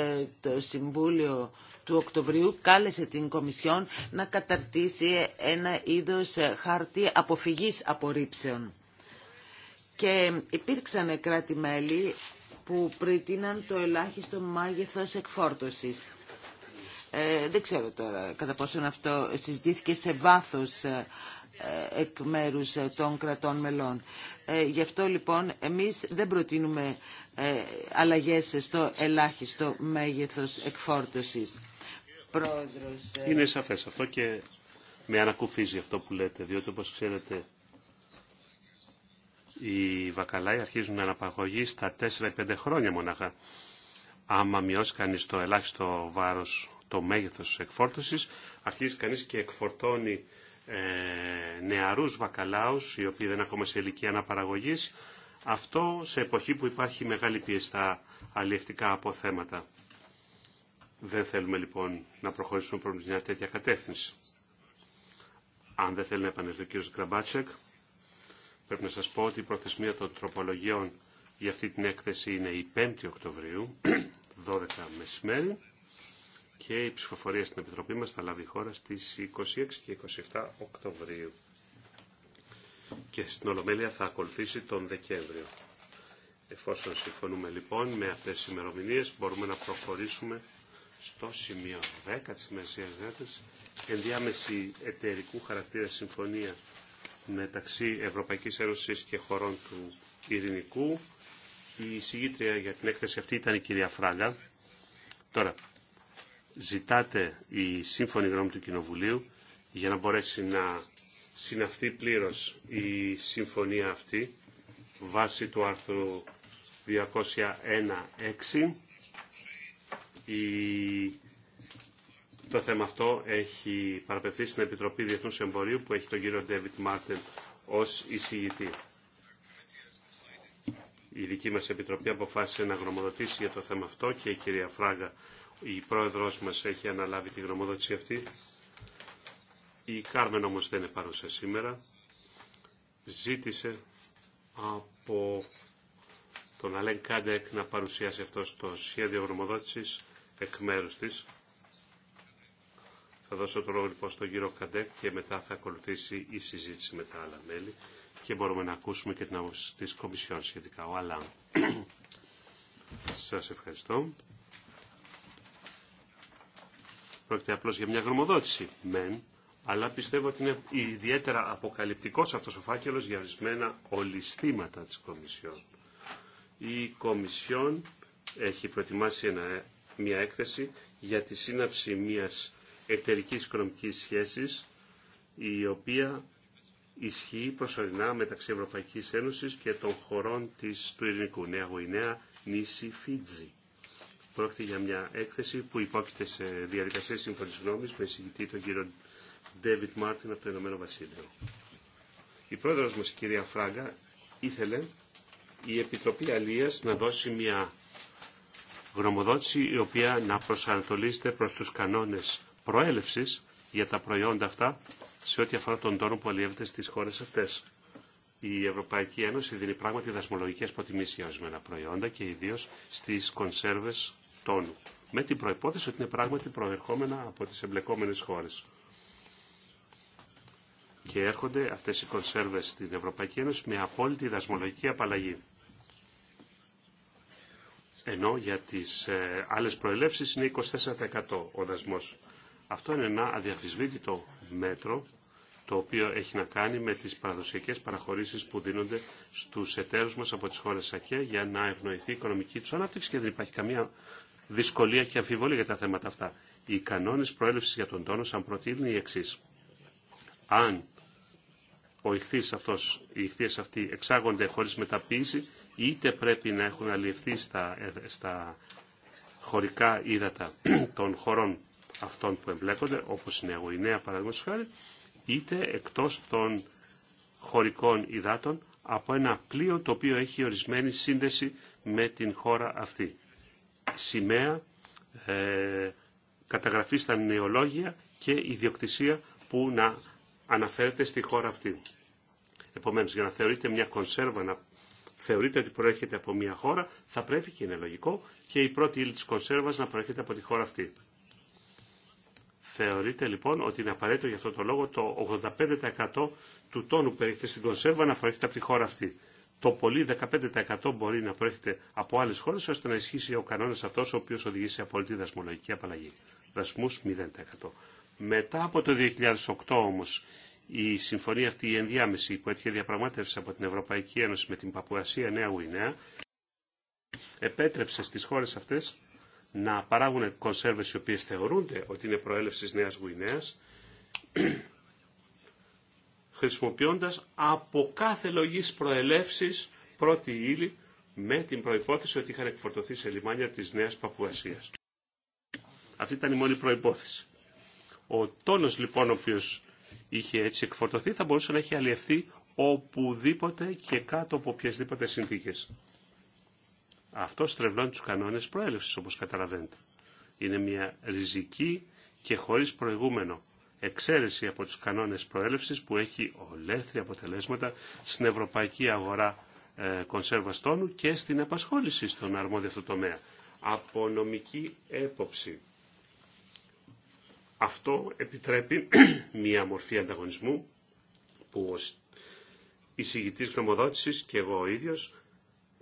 το Συμβούλιο του Οκτωβρίου κάλεσε την Κομισιόν να καταρτήσει ένα είδος χάρτη αποφυγής απορρίψεων. Και υπήρξαν κράτη-μέλη που πρίτειναν το ελάχιστο μάγεθος εκφόρτωσης. Ε, δεν ξέρω τώρα κατά πόσον αυτό συζητήθηκε σε βάθος ε, ε, εκ μέρους των κρατών μελών. Γι' αυτό λοιπόν εμείς δεν προτείνουμε αλλαγές στο ελάχιστο μέγεθος εκφόρτωσης. Είναι σαφές αυτό και με ανακουφίζει αυτό που λέτε, διότι όπως ξέρετε οι βακαλάοι αρχίζουν να αναπαγωγεί στα 4-5 χρόνια μονάχα. Άμα μειώσει κανείς το ελάχιστο βάρος το μέγεθος της εκφόρτωσης. Αρχίζει κανείς και εκφορτώνει ε, νεαρούς βακαλάους, οι οποίοι δεν είναι ακόμα σε ηλικία αναπαραγωγής. Αυτό σε εποχή που υπάρχει μεγάλη πίεση στα αλλιευτικά αποθέματα. Δεν θέλουμε λοιπόν να προχωρήσουμε προς μια τέτοια κατεύθυνση. Αν δεν θέλει να επανέλθει ο κύριος Γκραμπάτσεκ, πρέπει να σας πω ότι η προθεσμία των τροπολογιών για αυτή την έκθεση είναι η 5η Οκτωβρίου, 12 μεσημέρι και η ψηφοφορία στην Επιτροπή μας θα λάβει χώρα στις 26 και 27 Οκτωβρίου και στην Ολομέλεια θα ακολουθήσει τον Δεκέμβριο. Εφόσον συμφωνούμε λοιπόν με αυτές τις ημερομηνίε μπορούμε να προχωρήσουμε στο σημείο 10 της ημερησίας διάταξης ενδιάμεση εταιρικού χαρακτήρα συμφωνία μεταξύ Ευρωπαϊκής Ένωση και χωρών του Ειρηνικού. Η συγγήτρια για την έκθεση αυτή ήταν η κυρία Φράγκα. Τώρα, ζητάτε η σύμφωνη γνώμη του Κοινοβουλίου για να μπορέσει να συναυθεί πλήρως η συμφωνία αυτή βάσει του άρθρου 201.6. Η... Το θέμα αυτό έχει παραπευθεί στην Επιτροπή Διεθνούς Εμπορίου που έχει τον κύριο Ντέβιτ Μάρτεν ως εισηγητή. Η δική μας Επιτροπή αποφάσισε να γνωμοδοτήσει για το θέμα αυτό και η κυρία Φράγκα η πρόεδρο μας έχει αναλάβει τη γνωμοδότηση αυτή. Η Κάρμεν όμως δεν είναι παρούσα σήμερα. Ζήτησε από τον Αλέν Κάντεκ να παρουσιάσει αυτό το σχέδιο γνωμοδότηση εκ μέρους της. Θα δώσω το λόγο λοιπόν στον κύριο Καντέκ και μετά θα ακολουθήσει η συζήτηση με τα άλλα μέλη και μπορούμε να ακούσουμε και την άποψη της Κομισιόν σχετικά. Ο Αλάν. Σας ευχαριστώ. Πρόκειται απλώ για μια γνωμοδότηση, μεν, αλλά πιστεύω ότι είναι ιδιαίτερα αποκαλυπτικό αυτό ο φάκελο για ορισμένα ολιστήματα της Κομισιόν. Η Κομισιόν έχει προετοιμάσει μια έκθεση για τη σύναψη μιας εταιρική οικονομική σχέσης, η οποία ισχύει προσωρινά μεταξύ Ευρωπαϊκής Ένωσης και των χωρών της, του Ειρηνικού Νέα Γουινέα, νήσι Φίτζη. Πρόκειται για μια έκθεση που υπόκειται σε διαδικασία σύμφωνη γνώμη με συγκριτή τον κύριο Ντέβιτ Μάρτιν από το Ηνωμένο Βασίλειο. Η πρόεδρο μα, η κυρία Φράγκα, ήθελε η Επιτροπή Αλία να δώσει μια γνωμοδότηση η οποία να προσανατολίζεται προ του κανόνε προέλευση για τα προϊόντα αυτά σε ό,τι αφορά τον τόνο που αλλιεύεται στι χώρε αυτέ. Η Ευρωπαϊκή Ένωση δίνει πράγματι δασμολογικέ προτιμήσει για ορισμένα προϊόντα και ιδίω στι κονσέρβες τόνου, με την προϋπόθεση ότι είναι πράγματι προερχόμενα από τις εμπλεκόμενες χώρες. Και έρχονται αυτές οι κονσέρβες στην Ευρωπαϊκή Ένωση με απόλυτη δασμολογική απαλλαγή. Ενώ για τις ε, άλλες προελεύσεις είναι 24% ο δασμός. Αυτό είναι ένα αδιαφυσβήτητο μέτρο το οποίο έχει να κάνει με τις παραδοσιακές παραχωρήσεις που δίνονται στους εταίρους μας από τις χώρες ΑΚΕ για να ευνοηθεί η οικονομική τους ανάπτυξη και δεν υπάρχει καμία δυσκολία και αμφιβολία για τα θέματα αυτά. Οι κανόνες προέλευσης για τον τόνο σαν προτείνουν οι εξή. Αν ο αυτός, οι ηχθείες αυτοί εξάγονται χωρίς μεταποίηση, είτε πρέπει να έχουν αλλιευθεί στα, στα χωρικά ύδατα των χωρών αυτών που εμπλέκονται, όπως είναι η Αγωινέα παραδείγματος χάρη, είτε εκτός των χωρικών υδάτων από ένα πλοίο το οποίο έχει ορισμένη σύνδεση με την χώρα αυτή σημαία, ε, καταγραφή στα νεολόγια και ιδιοκτησία που να αναφέρεται στη χώρα αυτή. Επομένως, για να θεωρείτε μια κονσέρβα, να θεωρείται ότι προέρχεται από μια χώρα, θα πρέπει και είναι λογικό και η πρώτη ύλη της κονσέρβας να προέρχεται από τη χώρα αυτή. Θεωρείται λοιπόν ότι είναι απαραίτητο για αυτό το λόγο το 85% του τόνου που έρχεται στην κονσέρβα να προέρχεται από τη χώρα αυτή το πολύ 15% μπορεί να προέρχεται από άλλες χώρες ώστε να ισχύσει ο κανόνας αυτός ο οποίος οδηγεί σε απολύτη δασμολογική απαλλαγή. Δασμούς 0%. Μετά από το 2008 όμως η συμφωνία αυτή η ενδιάμεση που έτυχε διαπραγμάτευση από την Ευρωπαϊκή Ένωση με την Παπουασία Νέα Γουινέα επέτρεψε στις χώρες αυτές να παράγουν κονσέρβες οι οποίες θεωρούνται ότι είναι προέλευσης Νέας Γουινέας χρησιμοποιώντας από κάθε λογής προελεύσης πρώτη ύλη με την προϋπόθεση ότι είχαν εκφορτωθεί σε λιμάνια της Νέας Παπουασίας. Αυτή ήταν η μόνη προϋπόθεση. Ο τόνος λοιπόν ο οποίος είχε έτσι εκφορτωθεί θα μπορούσε να έχει αλλιευθεί οπουδήποτε και κάτω από οποιασδήποτε συνθήκες. Αυτό στρεβλώνει τους κανόνες προέλευσης όπως καταλαβαίνετε. Είναι μια ριζική και χωρίς προηγούμενο εξαίρεση από τους κανόνες προέλευσης που έχει ολέθρια αποτελέσματα στην ευρωπαϊκή αγορά ε, κονσέρβας τόνου και στην απασχόληση στον αρμόδιο αυτό τομέα. Από νομική έποψη. Αυτό επιτρέπει μία μορφή ανταγωνισμού που ως εισηγητής γνωμοδότησης και εγώ ίδιος,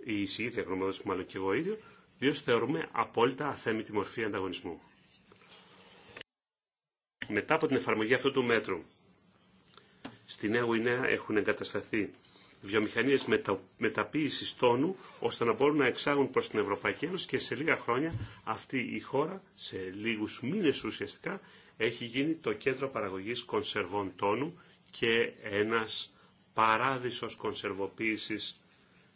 η εισηγήτρια γνωμοδότηση μάλλον και εγώ ίδιο, διότι θεωρούμε απόλυτα αθέμητη μορφή ανταγωνισμού μετά από την εφαρμογή αυτού του μέτρου. Στη Νέα Γουινέα έχουν εγκατασταθεί βιομηχανίε μετα... μεταποίηση στη νεα Ουινέα εχουν εγκατασταθει ώστε να μπορούν να εξάγουν προ την Ευρωπαϊκή Ένωση και σε λίγα χρόνια αυτή η χώρα, σε λίγου μήνε ουσιαστικά, έχει γίνει το κέντρο παραγωγή κονσερβών τόνου και ένα παράδεισο κονσερβοποίηση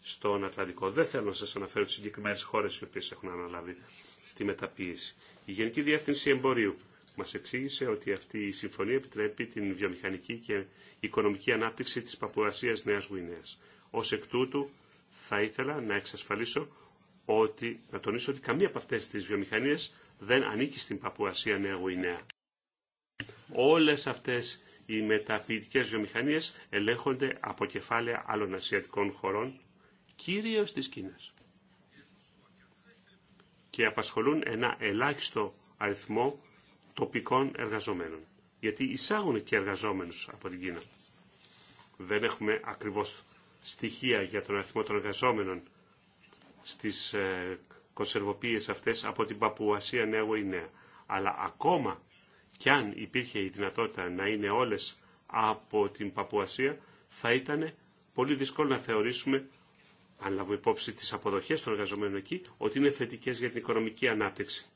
στον Ατλαντικό. Δεν θέλω να σα αναφέρω τι συγκεκριμένε χώρε οι οποίε έχουν αναλάβει τη μεταποίηση. Η Γενική Διεύθυνση Εμπορίου μας εξήγησε ότι αυτή η συμφωνία επιτρέπει την βιομηχανική και οικονομική ανάπτυξη της Παπουασίας Νέας Γουινέας. Ως εκ τούτου θα ήθελα να εξασφαλίσω ότι, να τονίσω ότι καμία από αυτές τις βιομηχανίες δεν ανήκει στην Παπουασία Νέα Γουινέα. Όλες αυτές οι μεταποιητικές βιομηχανίες ελέγχονται από κεφάλαια άλλων ασιατικών χωρών, κυρίως της Κίνας. Και απασχολούν ένα ελάχιστο αριθμό τοπικών εργαζομένων. Γιατί εισάγουν και εργαζόμενους από την Κίνα. Δεν έχουμε ακριβώς στοιχεία για τον αριθμό των εργαζόμενων στις ε, αυτές από την Παπουασία Νέα Γουινέα. Αλλά ακόμα κι αν υπήρχε η δυνατότητα να είναι όλες από την Παπουασία, θα ήταν πολύ δύσκολο να θεωρήσουμε, αν λάβουμε υπόψη τις αποδοχές των εργαζομένων εκεί, ότι είναι θετικές για την οικονομική ανάπτυξη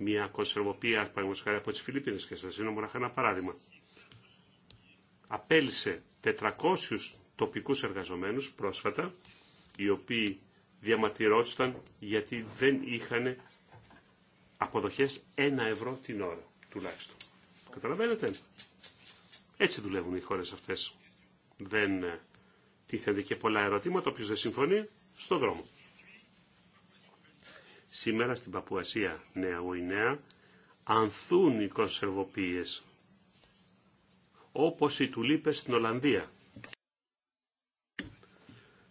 μια κονσερβοπία, παραδείγματος χάρη από τις Φιλιππίνες και σας δίνω μοναχά ένα παράδειγμα. Απέλησε 400 τοπικούς εργαζομένους πρόσφατα, οι οποίοι διαμαρτυρόντουσαν γιατί δεν είχαν αποδοχές 1 ευρώ την ώρα τουλάχιστον. Καταλαβαίνετε. Έτσι δουλεύουν οι χώρες αυτές. Δεν ε, τίθενται και πολλά ερωτήματα, όποιος δεν συμφωνεί, στον δρόμο. Σήμερα στην Παπουασία Νέα Γουινέα ανθούν οι κονσερβοποίες όπως οι τουλίπες στην Ολλανδία.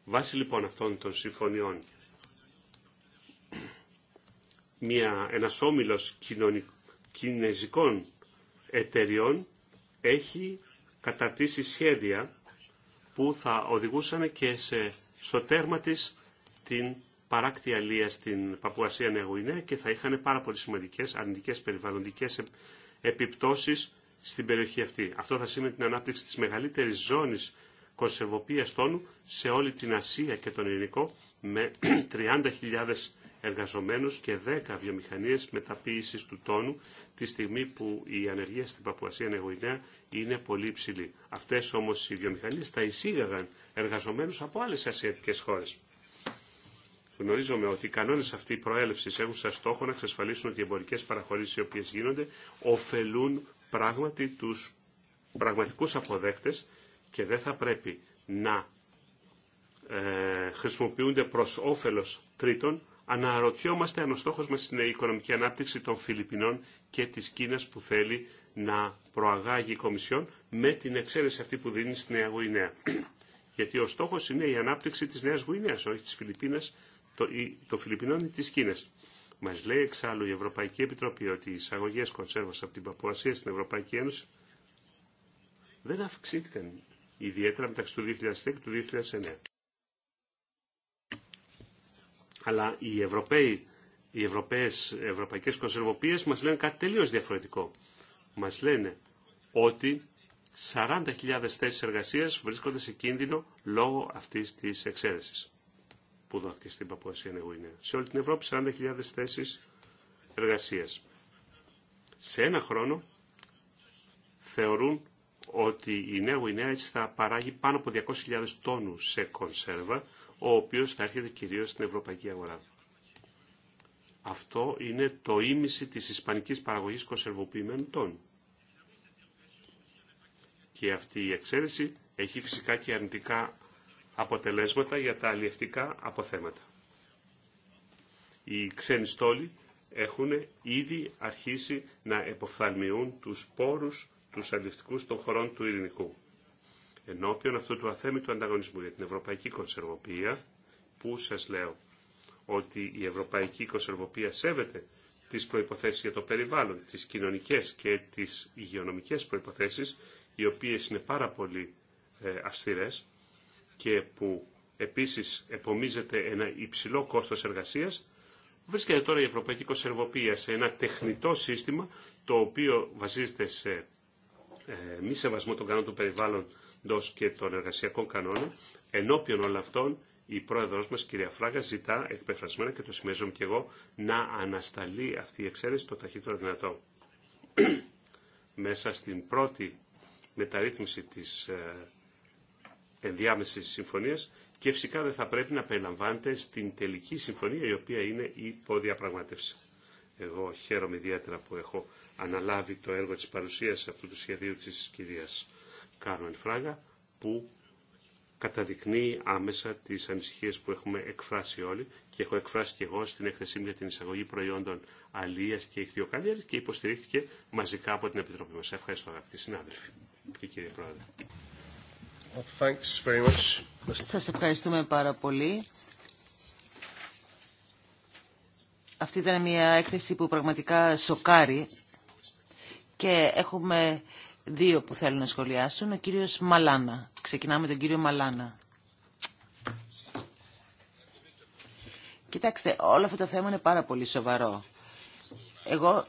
Βάσει λοιπόν αυτών των συμφωνιών, μια, ένας όμιλος κινέζικων εταιριών έχει καταρτήσει σχέδια που θα οδηγούσαν και σε, στο τέρμα της την παράκτη αλεία στην Παπουασία Νεγουινέα, και θα είχαν πάρα πολύ σημαντικές αρνητικές περιβαλλοντικές επιπτώσεις στην περιοχή αυτή. Αυτό θα σημαίνει την ανάπτυξη της μεγαλύτερης ζώνης κονσερβοποίησης τόνου σε όλη την Ασία και τον Ελληνικό, με 30.000 εργαζομένους και 10 βιομηχανίες μεταποίησης του τόνου τη στιγμή που η ανεργία στην Παπουασία Νεγοινέα είναι πολύ ψηλή. Αυτές όμως οι βιομηχανίες θα εισήγαγαν εργαζομένους από άλλες ασιατικές χώρες. Γνωρίζομαι ότι οι κανόνε αυτή προέλευση έχουν σαν στόχο να εξασφαλίσουν ότι οι εμπορικέ παραχωρήσει οι οποίε γίνονται ωφελούν πράγματι του πραγματικού αποδέκτε και δεν θα πρέπει να ε, χρησιμοποιούνται προ όφελο τρίτων. Αναρωτιόμαστε αν ο στόχο μα είναι η οικονομική ανάπτυξη των Φιλιππινών και τη Κίνα που θέλει να προαγάγει η Κομισιόν με την εξαίρεση αυτή που δίνει στη Νέα Γουινέα. Γιατί ο στόχο είναι η ανάπτυξη τη Νέα Γουινέα, όχι τη Φιλιππίνας το Φιλιππινών ή της Κίνας. Μας λέει εξάλλου η Ευρωπαϊκή Επιτροπή ότι οι εισαγωγές κονσέρβας από την Παπουασία στην Ευρωπαϊκή Ένωση δεν αυξήθηκαν ιδιαίτερα μεταξύ του 2006 και του 2009. Αλλά οι, Ευρωπαίοι, οι Ευρωπαίες, ευρωπαϊκές κονσερβοποίες μας λένε κάτι τελείως διαφορετικό. Μας λένε ότι 40.000 θέσεις εργασίας βρίσκονται σε κίνδυνο λόγω αυτής της εξαίρεσης που δόθηκε στην Παπουασία Νεγουίνια. Σε όλη την Ευρώπη 40.000 θέσεις εργασίας. Σε ένα χρόνο θεωρούν ότι η Νέα Γουινέα έτσι θα παράγει πάνω από 200.000 τόνους σε κονσέρβα, ο οποίος θα έρχεται κυρίως στην ευρωπαϊκή αγορά. Αυτό είναι το ίμιση της ισπανικής παραγωγής κονσερβοποιημένων τόνων. Και αυτή η εξαίρεση έχει φυσικά και αρνητικά αποτελέσματα για τα αλλιευτικά αποθέματα. Οι ξένοι στόλοι έχουν ήδη αρχίσει να εποφθαλμιούν τους πόρους τους αλληλευτικούς των χωρών του ειρηνικού. Ενώπιον αυτού του αθέμητου ανταγωνισμού για την ευρωπαϊκή κονσερβοποία, που σας λέω ότι η ευρωπαϊκή κονσερβοποία σέβεται τις προϋποθέσεις για το περιβάλλον, τις κοινωνικές και τις υγειονομικές προϋποθέσεις, οι οποίες είναι πάρα πολύ ε, αυστηρές, και που επίσης επομίζεται ένα υψηλό κόστος εργασίας, βρίσκεται τώρα η Ευρωπαϊκή Κοσερβοπία σε ένα τεχνητό σύστημα το οποίο βασίζεται σε ε, μη σεβασμό των κανόνων του περιβάλλοντος και των εργασιακών κανόνων. Ενώπιον όλων αυτών, η πρόεδρος μας, κυρία Φράγκα, ζητά εκπεφρασμένα και το σημαίζομαι και εγώ να ανασταλεί αυτή η εξαίρεση το ταχύτερο δυνατό. Μέσα στην πρώτη μεταρρύθμιση της ε, ενδιάμεσης συμφωνίας και φυσικά δεν θα πρέπει να περιλαμβάνεται στην τελική συμφωνία η οποία είναι η υποδιαπραγμάτευση. Εγώ χαίρομαι ιδιαίτερα που έχω αναλάβει το έργο της παρουσίας αυτού του σχεδίου της κυρίας Κάρμεν Φράγα που καταδεικνύει άμεσα τις ανησυχίες που έχουμε εκφράσει όλοι και έχω εκφράσει και εγώ στην έκθεσή μου για την εισαγωγή προϊόντων αλίας και ιχθυοκαλλιέργειας και υποστηρίχθηκε μαζικά από την Επιτροπή μας. Ευχαριστώ αγαπητοί συνάδελφοι και κύριε Πρόεδρε. Σας ευχαριστούμε πάρα πολύ. Αυτή ήταν μια έκθεση που πραγματικά σοκάρει και έχουμε δύο που θέλουν να σχολιάσουν. Ο κύριος Μαλάνα. Ξεκινάμε τον κύριο Μαλάνα. Κοιτάξτε, όλο αυτό το θέμα είναι πάρα πολύ σοβαρό. Εγώ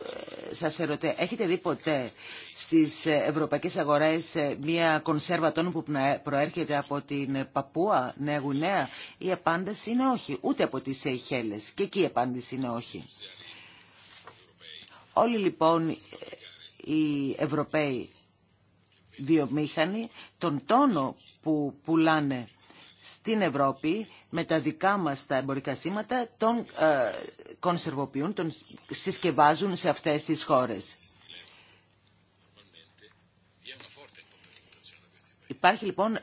ε, σας ερωτώ, έχετε δει ποτέ στις ε, ευρωπαϊκές αγορές ε, μία κονσέρβα τόνου που προέρχεται από την Παπούα, Νέα Γουνέα. Η απάντηση είναι όχι, ούτε από τις Σεϊχέλες. Και εκεί η απάντηση είναι όχι. Όλοι λοιπόν οι Ευρωπαίοι βιομήχανοι τον τόνο που πουλάνε στην Ευρώπη με τα δικά μας τα εμπορικά σήματα τον ε, κονσερβοποιούν, τον συσκευάζουν σε αυτές τις χώρες. Υπάρχει λοιπόν, ε,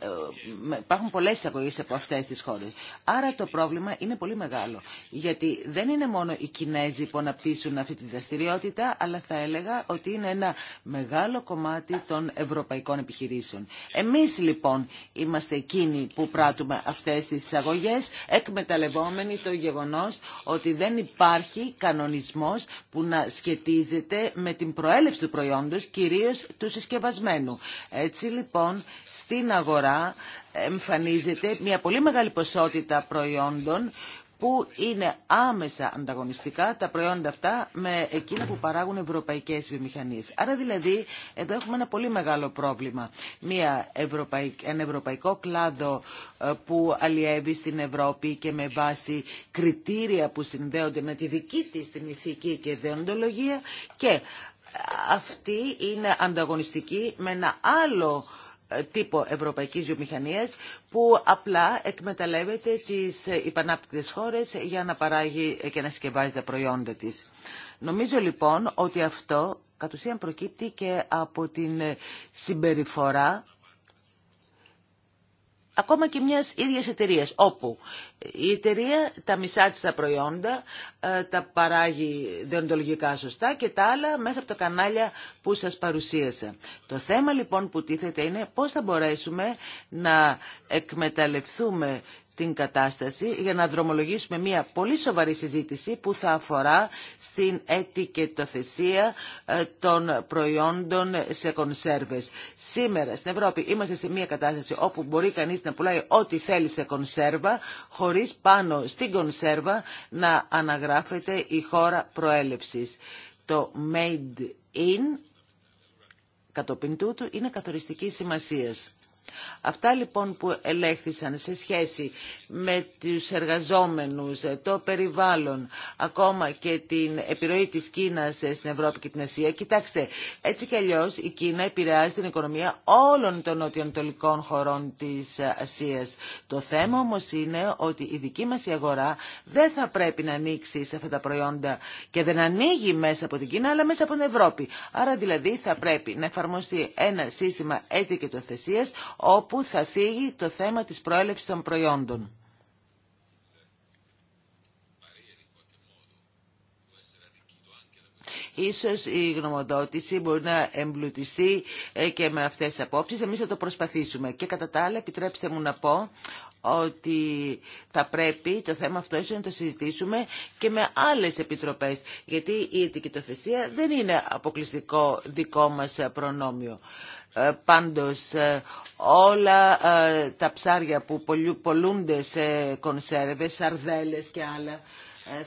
υπάρχουν πολλές εισαγωγές από αυτές τις χώρες. Άρα το πρόβλημα είναι πολύ μεγάλο. Γιατί δεν είναι μόνο οι Κινέζοι που αναπτύσσουν αυτή τη δραστηριότητα, αλλά θα έλεγα ότι είναι ένα μεγάλο κομμάτι των ευρωπαϊκών επιχειρήσεων. Εμείς λοιπόν είμαστε εκείνοι που πράττουμε αυτές τις εισαγωγές, εκμεταλλευόμενοι το γεγονός ότι δεν υπάρχει κανονισμός που να σχετίζεται με την προέλευση του προϊόντος, κυρίως του συσκευασμένου. Έτσι λοιπόν στην αγορά εμφανίζεται μια πολύ μεγάλη ποσότητα προϊόντων που είναι άμεσα ανταγωνιστικά τα προϊόντα αυτά με εκείνα που παράγουν ευρωπαϊκές βιομηχανίες. Άρα δηλαδή εδώ έχουμε ένα πολύ μεγάλο πρόβλημα. Μια Ένα ευρωπαϊκό κλάδο ε, που αλλιεύει στην Ευρώπη και με βάση κριτήρια που συνδέονται με τη δική της την ηθική και δεοντολογία και ε, αυτή είναι ανταγωνιστική με ένα άλλο ε, τύπο ευρωπαϊκής βιομηχανίας που απλά εκμεταλλεύεται τις ε, υπανάπτυκτες χώρες για να παράγει και να συσκευάζει τα προϊόντα της. Νομίζω λοιπόν ότι αυτό κατ' ουσίαν προκύπτει και από την ε, συμπεριφορά ακόμα και μιας ίδιας εταιρείας, όπου η εταιρεία τα μισά της τα προϊόντα ε, τα παράγει δεοντολογικά σωστά και τα άλλα μέσα από τα κανάλια που σας παρουσίασα. Το θέμα λοιπόν που τίθεται είναι πώς θα μπορέσουμε να εκμεταλλευτούμε την κατάσταση για να δρομολογήσουμε μια πολύ σοβαρή συζήτηση που θα αφορά στην ετικετοθεσία ε, των προϊόντων σε κονσέρβες. Σήμερα στην Ευρώπη είμαστε σε μια κατάσταση όπου μπορεί κανείς να πουλάει ό,τι θέλει σε κονσέρβα χωρίς πάνω στην κονσέρβα να αναγράφεται η χώρα προέλευσης. Το made in κατόπιν τούτου είναι καθοριστική σημασία. Αυτά λοιπόν που ελέγχθησαν σε σχέση με τους εργαζόμενους, το περιβάλλον, ακόμα και την επιρροή της Κίνας στην Ευρώπη και την Ασία, κοιτάξτε, έτσι κι αλλιώς η Κίνα επηρεάζει την οικονομία όλων των νοτιοανατολικών χωρών της Ασίας. Το θέμα όμως είναι ότι η δική μας η αγορά δεν θα πρέπει να ανοίξει σε αυτά τα προϊόντα και δεν ανοίγει μέσα από την Κίνα, αλλά μέσα από την Ευρώπη. Άρα δηλαδή θα πρέπει να εφαρμοστεί ένα σύστημα όπου θα φύγει το θέμα της προέλευσης των προϊόντων. Ίσως η γνωμοδότηση μπορεί να εμπλουτιστεί ε, και με αυτές τις απόψεις. Εμείς θα το προσπαθήσουμε. Και κατά τα άλλα, επιτρέψτε μου να πω ότι θα πρέπει το θέμα αυτό ίσως να το συζητήσουμε και με άλλες επιτροπές, γιατί η ετικητοθεσία δεν είναι αποκλειστικό δικό μας προνόμιο. Ε, πάντως ε, όλα ε, τα ψάρια που πολλούνται σε κονσέρβες, σαρδέλες και άλλα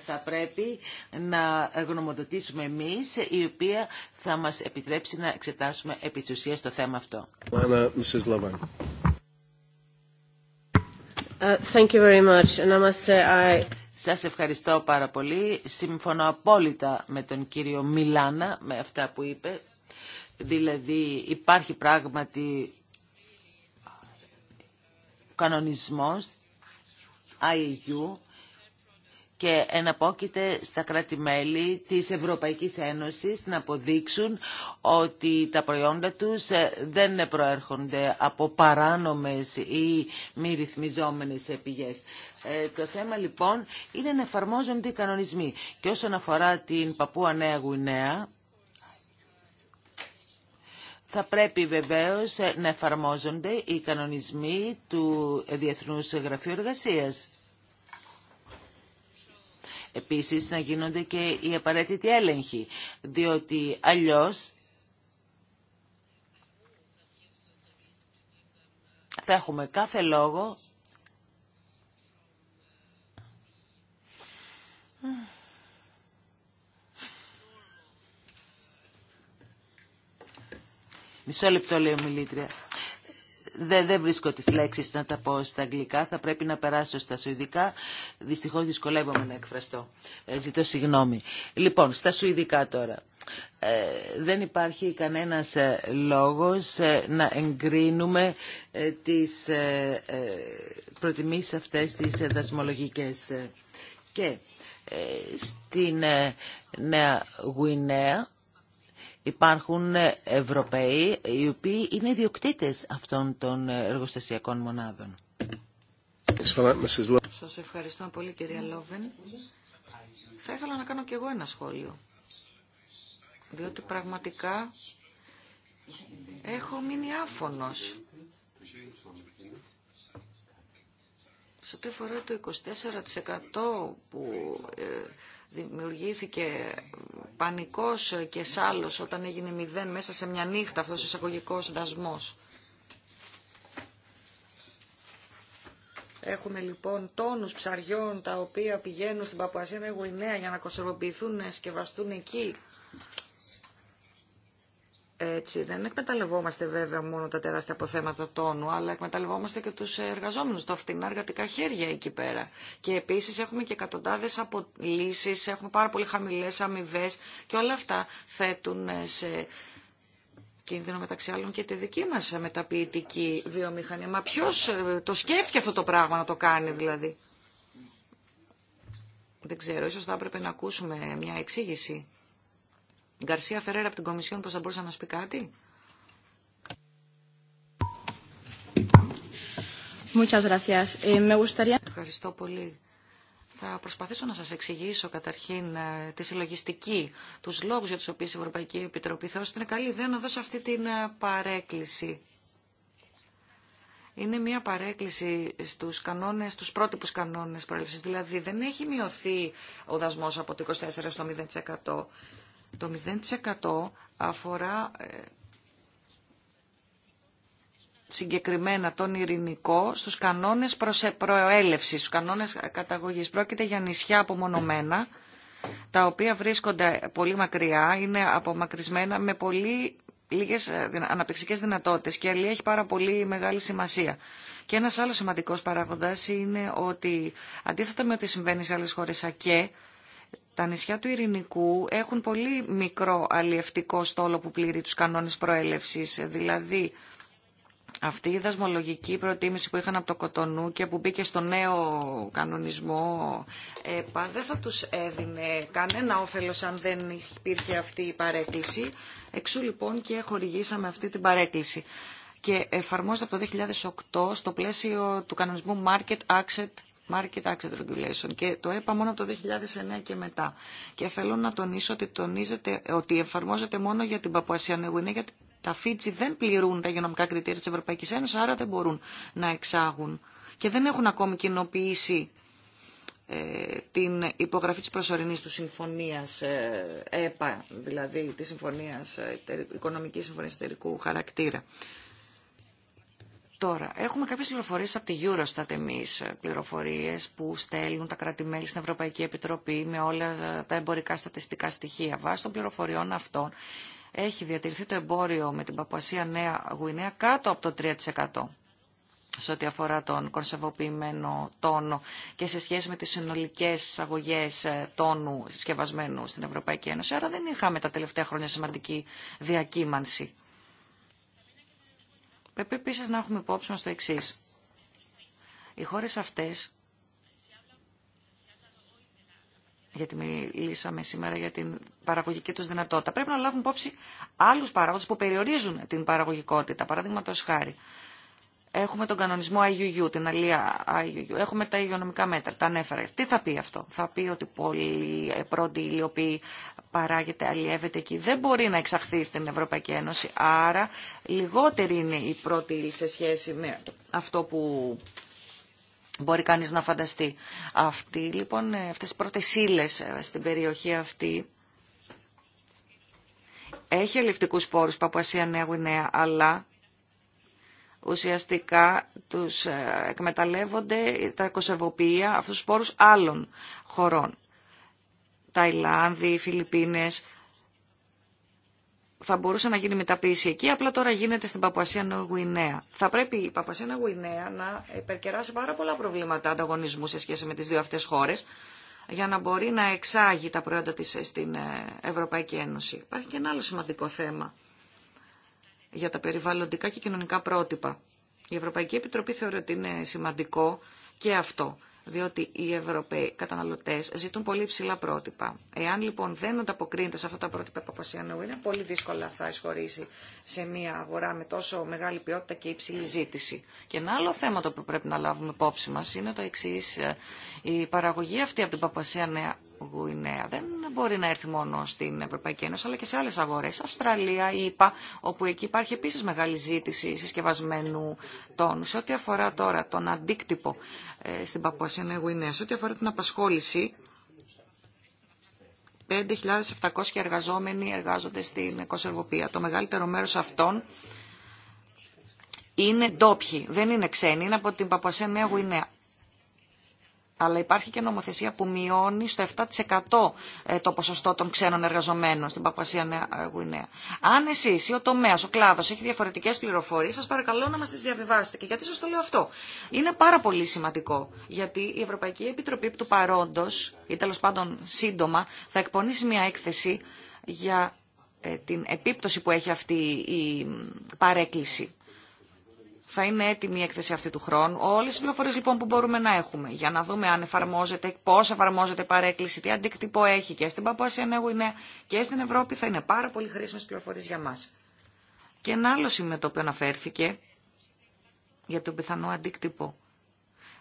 θα πρέπει να γνωμοδοτήσουμε εμείς η οποία θα μας επιτρέψει να εξετάσουμε επί της ουσίας το θέμα αυτό. Thank Σας ευχαριστώ πάρα πολύ. Συμφωνώ απόλυτα με τον κύριο Μιλάνα, με αυτά που είπε. Δηλαδή υπάρχει πράγματι κανονισμός IEU και εναπόκειται στα κράτη-μέλη της Ευρωπαϊκής Ένωσης να αποδείξουν ότι τα προϊόντα τους ε, δεν προέρχονται από παράνομες ή μη ρυθμιζόμενες πηγές. Ε, το θέμα λοιπόν είναι να εφαρμόζονται οι κανονισμοί. Και όσον αφορά την Παππούα Νέα Γουινέα, θα πρέπει βεβαίως ε, να εφαρμόζονται οι κανονισμοί του Διεθνούς Γραφείου Εργασίας. Επίσης να γίνονται και οι απαραίτητοι έλεγχοι, διότι αλλιώς θα έχουμε κάθε λόγο Μισό λεπτό λέει ομιλήτρια. μιλήτρια. Δεν, δεν βρίσκω τις λέξεις να τα πω στα αγγλικά, θα πρέπει να περάσω στα σουηδικά. Δυστυχώς δυσκολεύομαι να εκφραστώ. Ε, ζητώ συγγνώμη. Λοιπόν, στα σουηδικά τώρα. Ε, δεν υπάρχει κανένας ε, λόγος να εγκρίνουμε τις προτιμήσεις αυτές τις δασμολογικές. Και στην Νέα Γουινέα Υπάρχουν ε, Ευρωπαίοι οι οποίοι είναι ιδιοκτήτες αυτών των ε, εργοστασιακών μονάδων. Σας ευχαριστώ πολύ κυρία Λόβεν. Θα ήθελα να κάνω κι εγώ ένα σχόλιο. Διότι πραγματικά έχω μείνει άφωνος. Σε ό,τι αφορά το 24% που ε, δημιουργήθηκε πανικός και σάλος όταν έγινε μηδέν μέσα σε μια νύχτα αυτός ο εισαγωγικός δασμός. Έχουμε λοιπόν τόνους ψαριών τα οποία πηγαίνουν στην Παπουασία Γουινέα για να κοσορροπηθούν, να σκευαστούν εκεί. Έτσι, δεν εκμεταλλευόμαστε βέβαια μόνο τα τεράστια αποθέματα τόνου, αλλά εκμεταλλευόμαστε και τους εργαζόμενους, τα φτηνά εργατικά χέρια εκεί πέρα. Και επίσης έχουμε και εκατοντάδες απολύσεις, έχουμε πάρα πολύ χαμηλές αμοιβέ και όλα αυτά θέτουν σε κίνδυνο μεταξύ άλλων και τη δική μας μεταποιητική βιομηχανία. Μα ποιος ε, το σκέφτηκε αυτό το πράγμα να το κάνει δηλαδή. Δεν ξέρω, ίσως θα έπρεπε να ακούσουμε μια εξήγηση Γκαρσία Φερέρα από την Κομισιόν πως θα μπορούσε να μας πει κάτι. Ε, Ευχαριστώ πολύ. Θα προσπαθήσω να σας εξηγήσω καταρχήν ε, τη συλλογιστική, τους λόγους για τους οποίους η Ευρωπαϊκή Επιτροπή θεώρησε. ότι είναι καλή ιδέα να δώσω αυτή την ε, παρέκκληση. Είναι μια παρέκκληση στους κανόνες, στους πρότυπους κανόνες προέλευσης. Δηλαδή δεν έχει μειωθεί ο δασμός από το 24% στο 0%. Το 0% αφορά ε, συγκεκριμένα τον ειρηνικό στους κανόνες προέλευσης, στους κανόνες καταγωγής. Πρόκειται για νησιά απομονωμένα, τα οποία βρίσκονται πολύ μακριά, είναι απομακρυσμένα με πολύ λίγες ε, αναπτυξικές δυνατότητες και η έχει πάρα πολύ μεγάλη σημασία. Και ένας άλλος σημαντικός παράγοντας είναι ότι αντίθετα με ό,τι συμβαίνει σε άλλες χώρες ΑΚΕ, τα νησιά του Ειρηνικού έχουν πολύ μικρό αλλιευτικό στόλο που πληρεί τους κανόνες προέλευσης. Δηλαδή, αυτή η δασμολογική προτίμηση που είχαν από το Κοτονού και που μπήκε στο νέο κανονισμό ε, δεν θα τους έδινε κανένα όφελος αν δεν υπήρχε αυτή η παρέκκληση. Εξού λοιπόν και χορηγήσαμε αυτή την παρέκκληση. Και εφαρμόζεται από το 2008 στο πλαίσιο του κανονισμού Market Access Market Access Regulation και το ΕΠΑ μόνο από το 2009 και μετά. Και θέλω να τονίσω ότι, τονίζεται, ότι εφαρμόζεται μόνο για την Παπουασιανεγουινέ γιατί τα ΦΙΤΣΙ δεν πληρούν τα υγειονομικά κριτήρια της Ευρωπαϊκής Ένωσης, άρα δεν μπορούν να εξάγουν. Και δεν έχουν ακόμη κοινοποιήσει ε, την υπογραφή της προσωρινής του συμφωνίας ε, ΕΠΑ, δηλαδή της συμφωνίας, ε, οικονομικής συμφωνίας εταιρικού χαρακτήρα. Τώρα, έχουμε κάποιες πληροφορίες από τη Eurostat εμείς, ε, πληροφορίες που στέλνουν τα κράτη-μέλη στην Ευρωπαϊκή Επιτροπή με όλα ε, τα εμπορικά στατιστικά στοιχεία. Βάσει των πληροφοριών αυτών έχει διατηρηθεί το εμπόριο με την Παπουασία Νέα Γουινέα κάτω από το 3% σε ό,τι αφορά τον κορσεβοποιημένο τόνο και σε σχέση με τις συνολικές αγωγές ε, τόνου συσκευασμένου στην Ευρωπαϊκή Ένωση. Άρα δεν είχαμε τα τελευταία χρόνια σημαντική διακύμανση. Πρέπει επίση να έχουμε υπόψη μα το εξή. Οι χώρες αυτές, γιατί μιλήσαμε σήμερα για την παραγωγική τους δυνατότητα, πρέπει να λάβουν υπόψη άλλους παράγοντες που περιορίζουν την παραγωγικότητα. Παραδείγματο χάρη, Έχουμε τον κανονισμό IUU, την αλία IUU. Έχουμε τα υγειονομικά μέτρα, τα ανέφερα. Τι θα πει αυτό. Θα πει ότι πολύ ε, πρώτη οποίοι παράγεται, αλλιεύεται εκεί. Δεν μπορεί να εξαχθεί στην Ευρωπαϊκή Ένωση. Άρα λιγότερη είναι η πρώτη σε σχέση με αυτό που μπορεί κανείς να φανταστεί. Αυτή, λοιπόν, ε, αυτές οι πρώτες ύλες ε, στην περιοχή αυτή έχει αλληλευτικούς πόρους Παπουασία Νέα Γουινέα, αλλά ουσιαστικά τους ε, εκμεταλλεύονται τα κοσεβοποιία αυτούς τους πόρους άλλων χωρών. Ταϊλάνδη, Φιλιππίνες, θα μπορούσε να γίνει μεταποίηση εκεί, απλά τώρα γίνεται στην Παπουασία Νογουινέα. Θα πρέπει η Παπουασία Νογουινέα να υπερκεράσει πάρα πολλά προβλήματα ανταγωνισμού σε σχέση με τις δύο αυτές χώρες, για να μπορεί να εξάγει τα προϊόντα της στην ε, Ευρωπαϊκή Ένωση. Υπάρχει και ένα άλλο σημαντικό θέμα για τα περιβαλλοντικά και κοινωνικά πρότυπα. Η Ευρωπαϊκή Επιτροπή θεωρεί ότι είναι σημαντικό και αυτό, διότι οι Ευρωπαίοι καταναλωτέ ζητούν πολύ υψηλά πρότυπα. Εάν λοιπόν δεν ανταποκρίνεται σε αυτά τα πρότυπα που Νέου, είναι πολύ δύσκολα θα εισχωρήσει σε μια αγορά με τόσο μεγάλη ποιότητα και υψηλή ζήτηση. Και ένα άλλο θέμα το που πρέπει να λάβουμε υπόψη μα είναι το εξή. Ε, η παραγωγή αυτή από την Παπασία Νέα δεν μπορεί να έρθει μόνο στην Ευρωπαϊκή Ένωση αλλά και σε άλλες αγορέ. Αυστραλία, ΙΠΑ, όπου εκεί υπάρχει επίση μεγάλη ζήτηση συσκευασμένου τόνου. Σε ό,τι αφορά τώρα τον αντίκτυπο ε, στην Παπουασία Γουινέα, σε ό,τι αφορά την απασχόληση, 5.700 εργαζόμενοι εργάζονται στην Κωσερβοπία. Το μεγαλύτερο μέρος αυτών είναι ντόπιοι, δεν είναι ξένοι, είναι από την Παπασία Νέα Γουινέα αλλά υπάρχει και νομοθεσία που μειώνει στο 7% ε, το ποσοστό των ξένων εργαζομένων στην Παπασία Νέα Γουινέα. Αν εσεί ή ο τομέα, ο κλάδο έχει διαφορετικέ πληροφορίε, σα παρακαλώ να μα τι διαβιβάσετε. Και γιατί σα το λέω αυτό. Είναι πάρα πολύ σημαντικό. Γιατί η Ευρωπαϊκή Επιτροπή του παρόντο, ή τέλο πάντων σύντομα, θα εκπονήσει μια έκθεση για ε, την επίπτωση που έχει αυτή η παρέκκληση θα είναι έτοιμη η έκθεση αυτή του χρόνου. Όλε τι πληροφορίε λοιπόν που μπορούμε να έχουμε για να δούμε αν εφαρμόζεται, πώ εφαρμόζεται η παρέκκληση, τι αντίκτυπο έχει και στην Παπασία Νέου Γουινέα και στην Ευρώπη θα είναι πάρα πολύ χρήσιμε πληροφορίε για μα. Και ένα άλλο σημείο το οποίο αναφέρθηκε για τον πιθανό αντίκτυπο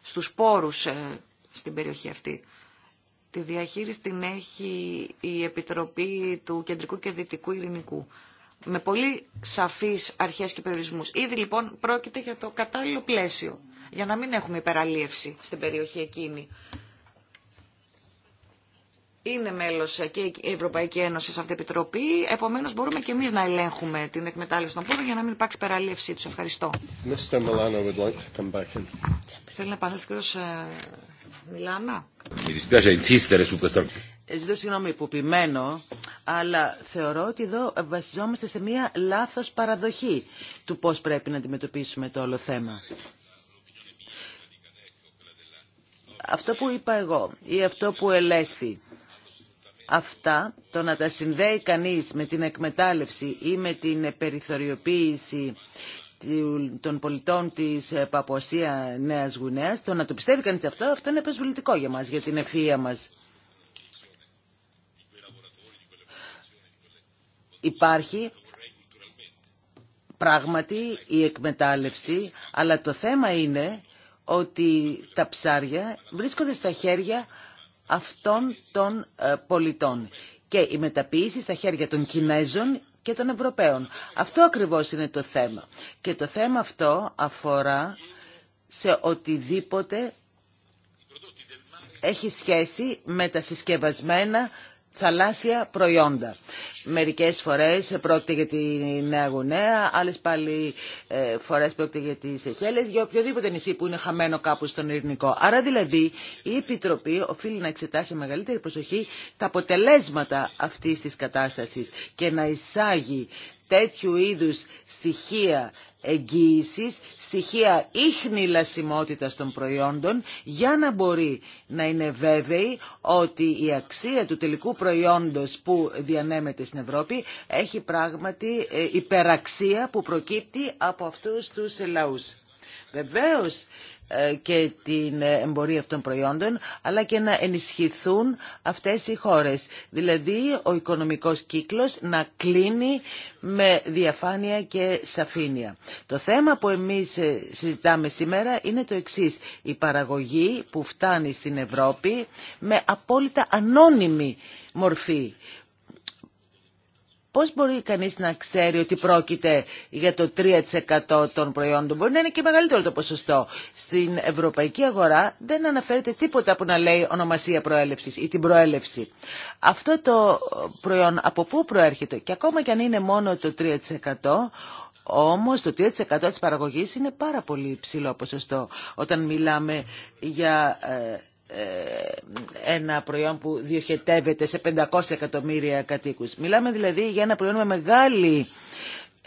στους πόρους ε, στην περιοχή αυτή. Τη διαχείριση την έχει η Επιτροπή του Κεντρικού και Δυτικού Ειρηνικού με πολύ σαφείς αρχές και περιορισμούς. Ήδη λοιπόν πρόκειται για το κατάλληλο πλαίσιο, για να μην έχουμε υπεραλίευση στην περιοχή εκείνη. Είναι μέλος και η Ευρωπαϊκή Ένωση σε αυτή την επιτροπή, επομένως μπορούμε και εμείς να ελέγχουμε την εκμετάλλευση των πόρων για να μην υπάρξει υπεραλίευση τους. Ευχαριστώ. Ε, ζητώ συγγνώμη που πειμένω, αλλά θεωρώ ότι εδώ βασιζόμαστε σε μία λάθος παραδοχή του πώς πρέπει να αντιμετωπίσουμε το όλο θέμα. Αυτό που είπα εγώ ή αυτό που ελέγχει αυτά, το να τα συνδέει κανείς με την εκμετάλλευση ή με την περιθωριοποίηση των πολιτών της ε, παποσία Νέας Γουνέας, το να το πιστεύει κανείς αυτό, αυτό είναι επεσβολητικό για μας, για την ευθεία μας. υπάρχει πράγματι η εκμετάλλευση, αλλά το θέμα είναι ότι τα ψάρια βρίσκονται στα χέρια αυτών των ε, πολιτών και η μεταποίηση στα χέρια των Κινέζων και των Ευρωπαίων. Αυτό ακριβώς είναι το θέμα. Και το θέμα αυτό αφορά σε οτιδήποτε έχει σχέση με τα συσκευασμένα θαλάσσια προϊόντα. Μερικές φορές πρόκειται για τη Νέα Γουνέα, άλλες πάλι ε, φορές πρόκειται για τις Σεχέλες, για οποιοδήποτε νησί που είναι χαμένο κάπου στον Ειρηνικό. Άρα δηλαδή η Επιτροπή οφείλει να εξετάσει μεγαλύτερη προσοχή τα αποτελέσματα αυτής της κατάστασης και να εισάγει τέτοιου είδους στοιχεία εγγύησης, στοιχεία ίχνη λασιμότητας των προϊόντων για να μπορεί να είναι βέβαιη ότι η αξία του τελικού προϊόντος που διανέμεται στην Ευρώπη έχει πράγματι ε, υπεραξία που προκύπτει από αυτούς τους λαούς. Βεβαίως ε, και την ε, εμπορία αυτών των προϊόντων, αλλά και να ενισχυθούν αυτές οι χώρες. Δηλαδή, ο οικονομικός κύκλος να κλείνει με διαφάνεια και σαφήνεια. Το θέμα που εμείς ε, συζητάμε σήμερα είναι το εξής. Η παραγωγή που φτάνει στην Ευρώπη με απόλυτα ανώνυμη μορφή Πώς μπορεί κανείς να ξέρει ότι πρόκειται για το 3% των προϊόντων. Μπορεί να είναι και μεγαλύτερο το ποσοστό. Στην ευρωπαϊκή αγορά δεν αναφέρεται τίποτα που να λέει ονομασία προέλευσης ή την προέλευση. Αυτό το προϊόν από πού προέρχεται και ακόμα και αν είναι μόνο το 3% όμως το 3% της παραγωγής είναι πάρα πολύ υψηλό ποσοστό όταν μιλάμε για ε, ε, ένα προϊόν που διοχετεύεται σε 500 εκατομμύρια κατοίκους. Μιλάμε δηλαδή για ένα προϊόν με μεγάλη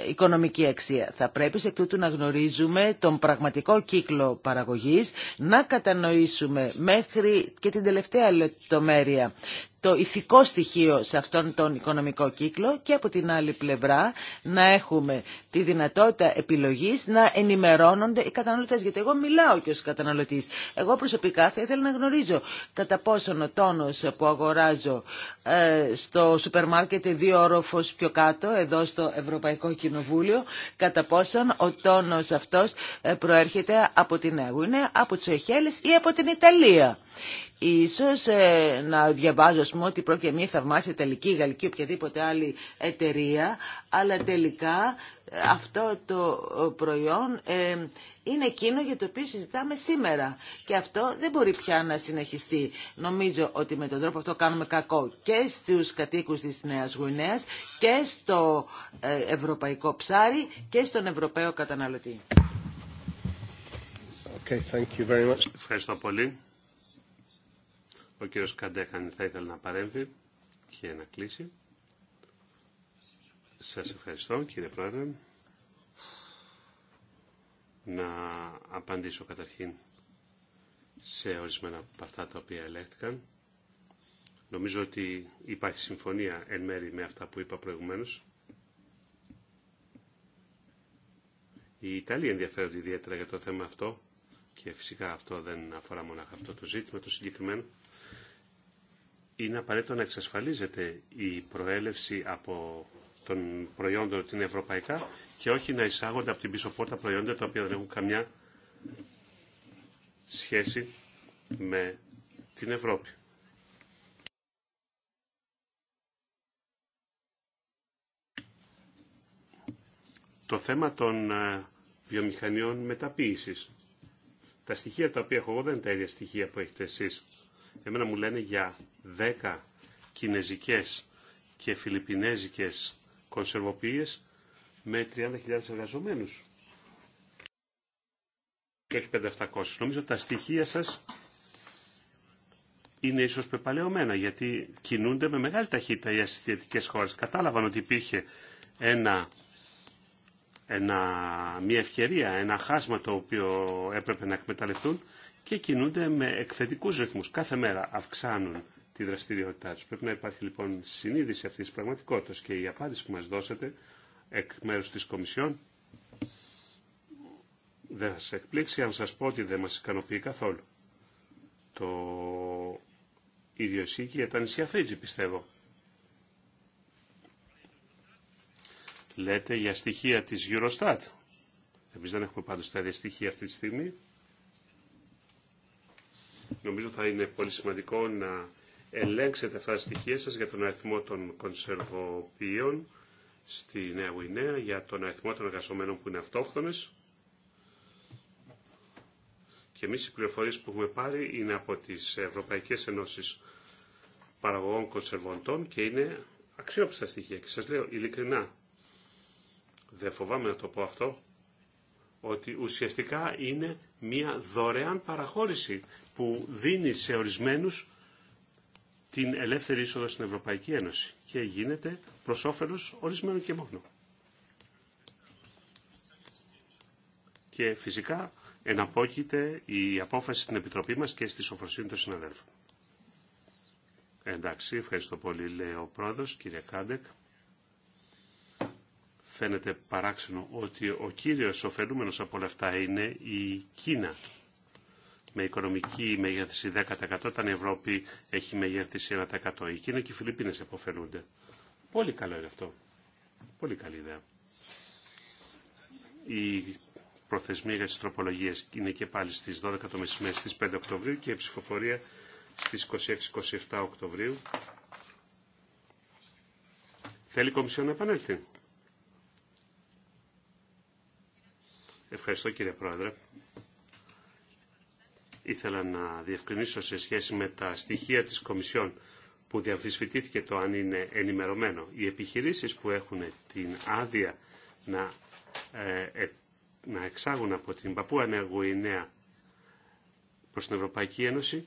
οικονομική αξία. Θα πρέπει σε τούτου να γνωρίζουμε τον πραγματικό κύκλο παραγωγής, να κατανοήσουμε μέχρι και την τελευταία λεπτομέρεια το ηθικό στοιχείο σε αυτόν τον οικονομικό κύκλο και από την άλλη πλευρά να έχουμε τη δυνατότητα επιλογής να ενημερώνονται οι καταναλωτές. Γιατί εγώ μιλάω και ως καταναλωτής. Εγώ προσωπικά θα ήθελα να γνωρίζω κατά πόσον ο τόνος που αγοράζω ε, στο σούπερ μάρκετ δύο όροφος πιο κάτω εδώ στο Ευρωπαϊκό Κοινοβούλιο κατά πόσον ο τόνος αυτός ε, προέρχεται από την Αγουινέ, από τις ΟΧΕΛΕΣ ή από την Ιταλία. Ίσως ε, να διαβάζω πούμε, ότι πρόκειται μια θαυμάσια τελική γαλλική οποιαδήποτε άλλη εταιρεία, αλλά τελικά ε, αυτό το προϊόν ε, είναι εκείνο για το οποίο συζητάμε σήμερα. Και αυτό δεν μπορεί πια να συνεχιστεί. Νομίζω ότι με τον τρόπο αυτό κάνουμε κακό και στους κατοίκους της Νέας Γουινέας και στο ευρωπαϊκό ψάρι και στον ευρωπαίο καταναλωτή. Okay, thank you Ευχαριστώ πολύ. Ο κύριος Καντέχαν θα ήθελε να παρέμβει και να κλείσει. Σας ευχαριστώ κύριε Πρόεδρε. Να απαντήσω καταρχήν σε ορισμένα από αυτά τα οποία ελέγχθηκαν. Νομίζω ότι υπάρχει συμφωνία εν μέρη με αυτά που είπα προηγουμένως. Οι Ιταλοί ενδιαφέρονται ιδιαίτερα για το θέμα αυτό και φυσικά αυτό δεν αφορά μόνο αυτό το ζήτημα, το συγκεκριμένο είναι απαραίτητο να εξασφαλίζεται η προέλευση από τον προϊόντο την ευρωπαϊκά και όχι να εισάγονται από την πίσω πόρτα προϊόντα τα οποία δεν έχουν καμιά σχέση με την Ευρώπη. Το θέμα των ε, βιομηχανιών μεταποίησης. Τα στοιχεία τα οποία έχω εγώ δεν είναι τα ίδια στοιχεία που έχετε εσείς. Εμένα μου λένε για 10 κινέζικες και φιλιππινέζικες κονσερβοποιίες με 30.000 εργαζομένους. Και όχι 5.700. Νομίζω ότι τα στοιχεία σας είναι ίσως πεπαλαιωμένα γιατί κινούνται με μεγάλη ταχύτητα οι ασυστιατικές χώρες. Κατάλαβαν ότι υπήρχε ένα, ένα, μια ευκαιρία, ένα χάσμα το οποίο έπρεπε να εκμεταλλευτούν και κινούνται με εκθετικούς ρυθμούς. Κάθε μέρα αυξάνουν τη δραστηριότητά του. Πρέπει να υπάρχει λοιπόν συνείδηση αυτής τη πραγματικότητα και η απάντηση που μας δώσατε εκ μέρους της Κομισιόν δεν θα σας εκπλήξει αν σας πω ότι δεν μας ικανοποιεί καθόλου. Το ίδιο ισχύει και για τα νησιά πιστεύω. Λέτε για στοιχεία της Eurostat. Εμείς δεν έχουμε πάντως τα στοιχεία αυτή τη στιγμή. Νομίζω θα είναι πολύ σημαντικό να ελέγξετε αυτά τα στοιχεία σας για τον αριθμό των κονσερβοποιών στη Νέα Γουινέα, για τον αριθμό των εργαζομένων που είναι αυτόχθονες. Και εμείς οι πληροφορίες που έχουμε πάρει είναι από τις Ευρωπαϊκές Ενώσεις Παραγωγών Κονσερβοντών και είναι αξιόπιστα στοιχεία. Και σας λέω ειλικρινά, δεν φοβάμαι να το πω αυτό, ότι ουσιαστικά είναι μια δωρεάν παραχώρηση που δίνει σε ορισμένους την ελεύθερη είσοδο στην Ευρωπαϊκή Ένωση και γίνεται προ όφελο ορισμένων και μόνο. Και φυσικά εναπόκειται η απόφαση στην Επιτροπή μας και στη σοφροσύνη των συναδέλφων. Εντάξει, ευχαριστώ πολύ, λέει ο πρόεδρος, κύριε Κάντεκ. Φαίνεται παράξενο ότι ο κύριος ωφελούμενος από όλα αυτά είναι η Κίνα με οικονομική μεγέθυνση 10% όταν η Ευρώπη έχει μεγέθυνση 1%. Η Κίνα και οι Φιλιππίνες επωφελούνται. Πολύ καλό είναι αυτό. Πολύ καλή ιδέα. Η προθεσμία για τις τροπολογίες είναι και πάλι στις 12 το μεσημέρι στις 5 Οκτωβρίου και η ψηφοφορία στις 26-27 Οκτωβρίου. Θέλει η Κομισιόν να επανέλθει. Ευχαριστώ κύριε Πρόεδρε ήθελα να διευκρινίσω σε σχέση με τα στοιχεία της Κομισιόν που διαμφισβητήθηκε το αν είναι ενημερωμένο. Οι επιχειρήσεις που έχουν την άδεια να, ε, ε, να εξάγουν από την Παππού Νέα προς την Ευρωπαϊκή Ένωση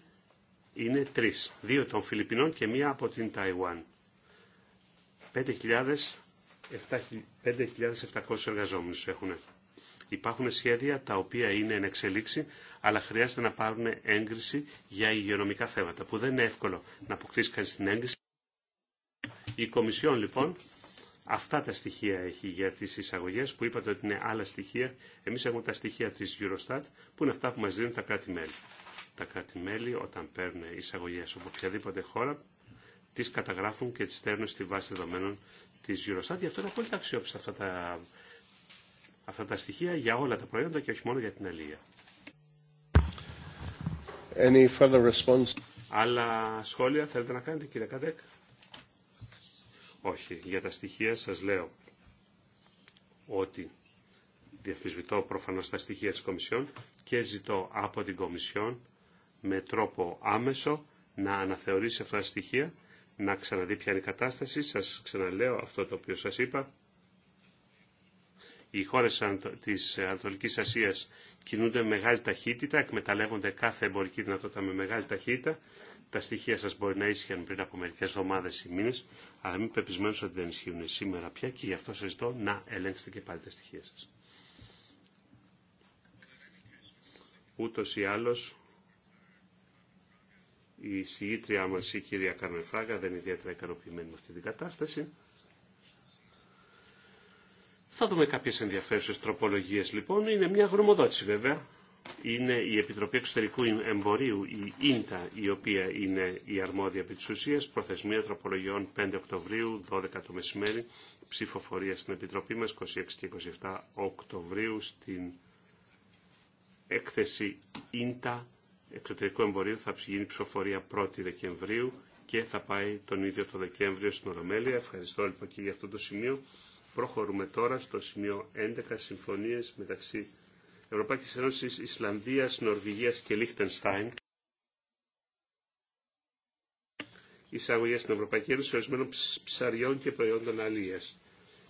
είναι τρεις. Δύο των Φιλιππινών και μία από την Ταϊουάν. 5.700 εργαζόμενους έχουν Υπάρχουν σχέδια τα οποία είναι εν εξελίξη, αλλά χρειάζεται να πάρουν έγκριση για υγειονομικά θέματα, που δεν είναι εύκολο να αποκτήσει κανεί την έγκριση. Η Κομισιόν λοιπόν αυτά τα στοιχεία έχει για τις εισαγωγές που είπατε ότι είναι άλλα στοιχεία. Εμείς έχουμε τα στοιχεία της Eurostat που είναι αυτά που μας δίνουν τα κράτη-μέλη. Τα κράτη-μέλη όταν παίρνουν εισαγωγές από οποιαδήποτε χώρα τις καταγράφουν και τις στέλνουν στη βάση δεδομένων της Eurostat. Γι' αυτό είναι πολύ αξιόπιστα αυτά τα αυτά τα στοιχεία για όλα τα προϊόντα και όχι μόνο για την αλληλεία. Άλλα σχόλια θέλετε να κάνετε κύριε Κατέκ? Όχι. Για τα στοιχεία σας λέω ότι διαφυσβητώ προφανώς τα στοιχεία της Κομισιόν και ζητώ από την Κομισιόν με τρόπο άμεσο να αναθεωρήσει αυτά τα στοιχεία, να ξαναδεί ποια είναι η κατάσταση. Σας ξαναλέω αυτό το οποίο σας είπα οι χώρες της Ανατολικής Ασίας κινούνται με μεγάλη ταχύτητα, εκμεταλλεύονται κάθε εμπορική δυνατότητα με μεγάλη ταχύτητα. Τα στοιχεία σας μπορεί να ίσχυαν πριν από μερικές εβδομάδες ή μήνες, αλλά μην πεπισμένους ότι δεν ισχύουν σήμερα πια και γι' αυτό σας ζητώ να ελέγξετε και πάλι τα στοιχεία σας. Ούτως ή άλλως, η συγήτριά μας, η κυρία Καρμεφράγκα δεν είναι ιδιαίτερα ικανοποιημένη με αυτή την κατάσταση. Θα δούμε κάποιες ενδιαφέρουσες τροπολογίες λοιπόν. Είναι μια γνωμοδότηση βέβαια. Είναι η Επιτροπή Εξωτερικού Εμπορίου, η ΙΝΤΑ, η οποία είναι η αρμόδια επί της ουσίας, προθεσμία τροπολογιών 5 Οκτωβρίου, 12 το μεσημέρι, ψηφοφορία στην Επιτροπή μας 26 και 27 Οκτωβρίου στην έκθεση ΙΝΤΑ εξωτερικού εμπορίου θα γίνει ψηφοφορία 1η Δεκεμβρίου και θα πάει τον ίδιο το Δεκέμβριο στην Ορομέλεια. Ευχαριστώ λοιπόν και για αυτό το σημείο. Προχωρούμε τώρα στο σημείο 11 συμφωνίες μεταξύ Ευρωπαϊκής Ένωσης, Ισλανδίας, Νορβηγίας και Λίχτενστάιν. Εισαγωγέ στην Ευρωπαϊκή Ένωση ορισμένων ψαριών και προϊόντων αλληλεία.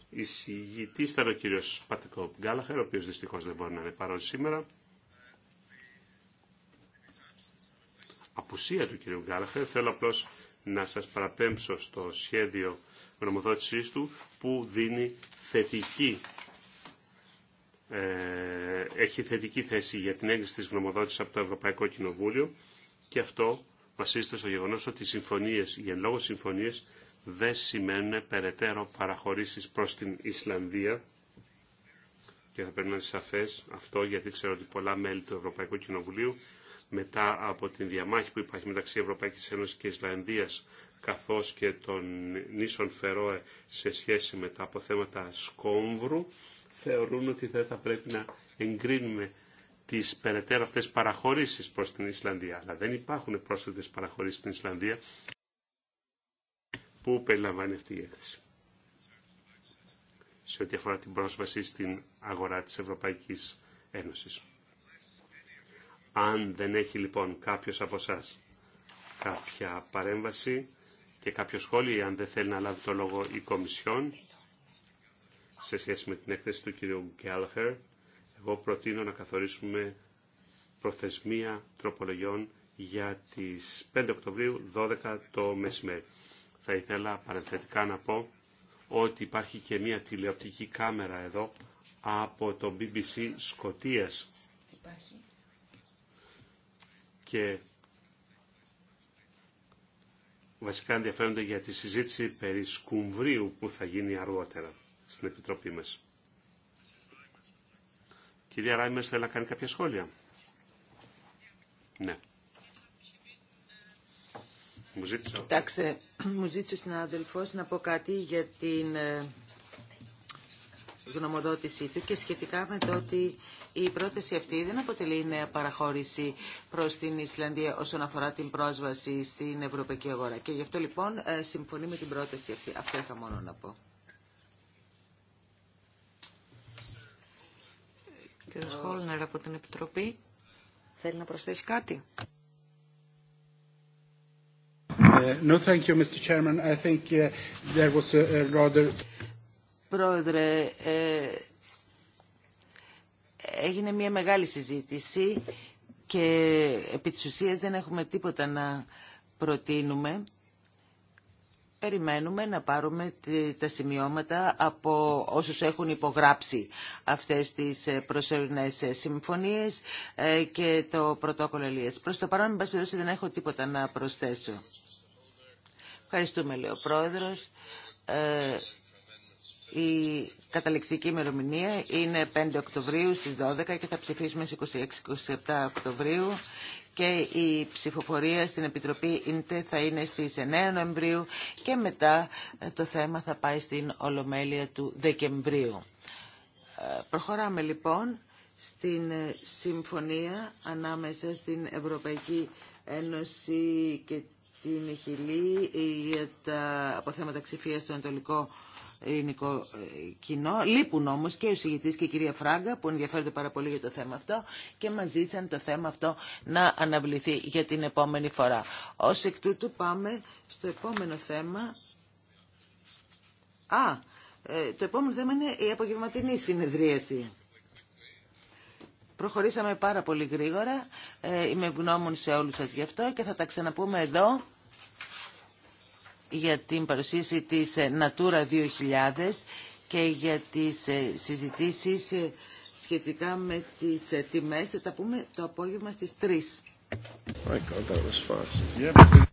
Εισηγητή ήταν ο κύριο Πατικό Γκάλαχερ, ο οποίο δυστυχώ δεν μπορεί να είναι παρόν σήμερα. Απουσία του κύριου Γκάλαχερ. Θέλω απλώ να σα παραπέμψω στο σχέδιο γνωμοδότησής του που δίνει θετική ε, έχει θετική θέση για την έγκριση της γνωμοδότησης από το Ευρωπαϊκό Κοινοβούλιο και αυτό βασίζεται στο γεγονός ότι οι συμφωνίες, οι εν λόγω συμφωνίες δεν σημαίνουν περαιτέρω παραχωρήσεις προς την Ισλανδία και θα πρέπει να είναι σαφές αυτό γιατί ξέρω ότι πολλά μέλη του Ευρωπαϊκού Κοινοβουλίου μετά από την διαμάχη που υπάρχει μεταξύ Ευρωπαϊκής Ένωσης και Ισλανδίας καθώς και των νήσων Φερόε σε σχέση με τα αποθέματα σκόμβρου, θεωρούν ότι δεν θα πρέπει να εγκρίνουμε τις περαιτέρω αυτές παραχωρήσεις προς την Ισλανδία. Αλλά δεν υπάρχουν πρόσθετες παραχωρήσεις στην Ισλανδία που περιλαμβάνει αυτή η έκθεση. Σε ό,τι αφορά την πρόσβαση στην αγορά της Ευρωπαϊκής Ένωσης. Αν δεν έχει λοιπόν κάποιος από εσά κάποια παρέμβαση, και κάποιο σχόλιο, αν δεν θέλει να λάβει το λόγο η Κομισιόν, σε σχέση με την έκθεση του κ. Γκέλχερ, εγώ προτείνω να καθορίσουμε προθεσμία τροπολογιών για τις 5 Οκτωβρίου 12 το μεσημέρι. Θα ήθελα παρενθετικά να πω ότι υπάρχει και μια τηλεοπτική κάμερα εδώ από το BBC Σκοτίας. Υπάρχει. Και βασικά ενδιαφέρονται για τη συζήτηση περί σκουμβρίου που θα γίνει αργότερα στην Επιτροπή μας. Κυρία Ράιμες, θέλει να κάνει κάποια σχόλια. Ναι. Μου ζήτησε. Κοιτάξτε, μου ζήτησε ο συνάδελφος να πω κάτι για την ε, γνωμοδότησή του και σχετικά με το ότι η πρόταση αυτή δεν αποτελεί νέα παραχώρηση προς την Ισλανδία όσον αφορά την πρόσβαση στην ευρωπαϊκή αγορά. Και γι' αυτό λοιπόν ε, συμφωνεί με την πρόταση αυτή. Αυτό είχα μόνο να πω. Κύριος Χόλνερ από την Επιτροπή θέλει να προσθέσει κάτι. Ε, no, thank you, Mr. Chairman. I think uh, there was a rather... Πρόεδρε, ε, έγινε μια μεγάλη συζήτηση και επί της ουσίας δεν έχουμε τίποτα να προτείνουμε. Περιμένουμε να πάρουμε τα σημειώματα από όσους έχουν υπογράψει αυτές τις ε, προσωρινές ε, συμφωνίες και το πρωτόκολλο Ελίας. Προς το παρόν, με δεν έχω τίποτα να προσθέσω. Ευχαριστούμε, λέει ο Πρόεδρος. Η καταληκτική ημερομηνία είναι 5 Οκτωβρίου στις 12 και θα ψηφίσουμε στις 26-27 Οκτωβρίου και η ψηφοφορία στην Επιτροπή ΙΝΤΕ θα είναι στις 9 Νοεμβρίου και μετά ε, το θέμα θα πάει στην Ολομέλεια του Δεκεμβρίου. Ε, προχωράμε λοιπόν στην ε, συμφωνία ανάμεσα στην Ευρωπαϊκή Ένωση και την Χιλή για τα αποθέματα ξηφίας στο Ανατολικό ελληνικό ε, κοινό. Λείπουν όμως και ο συγητή και η κυρία Φράγκα που ενδιαφέρονται πάρα πολύ για το θέμα αυτό και μας ζήτησαν το θέμα αυτό να αναβληθεί για την επόμενη φορά. Ω εκ τούτου πάμε στο επόμενο θέμα. Α, ε, το επόμενο θέμα είναι η απογευματινή συνεδρίαση. Προχωρήσαμε πάρα πολύ γρήγορα. Ε, είμαι ευγνώμων σε όλους σας γι' αυτό και θα τα ξαναπούμε εδώ για την παρουσίαση της ε, Natura 2000 και για τις ε, συζητήσεις ε, σχετικά με τις τιμές. Θα τα πούμε το απόγευμα στις 3.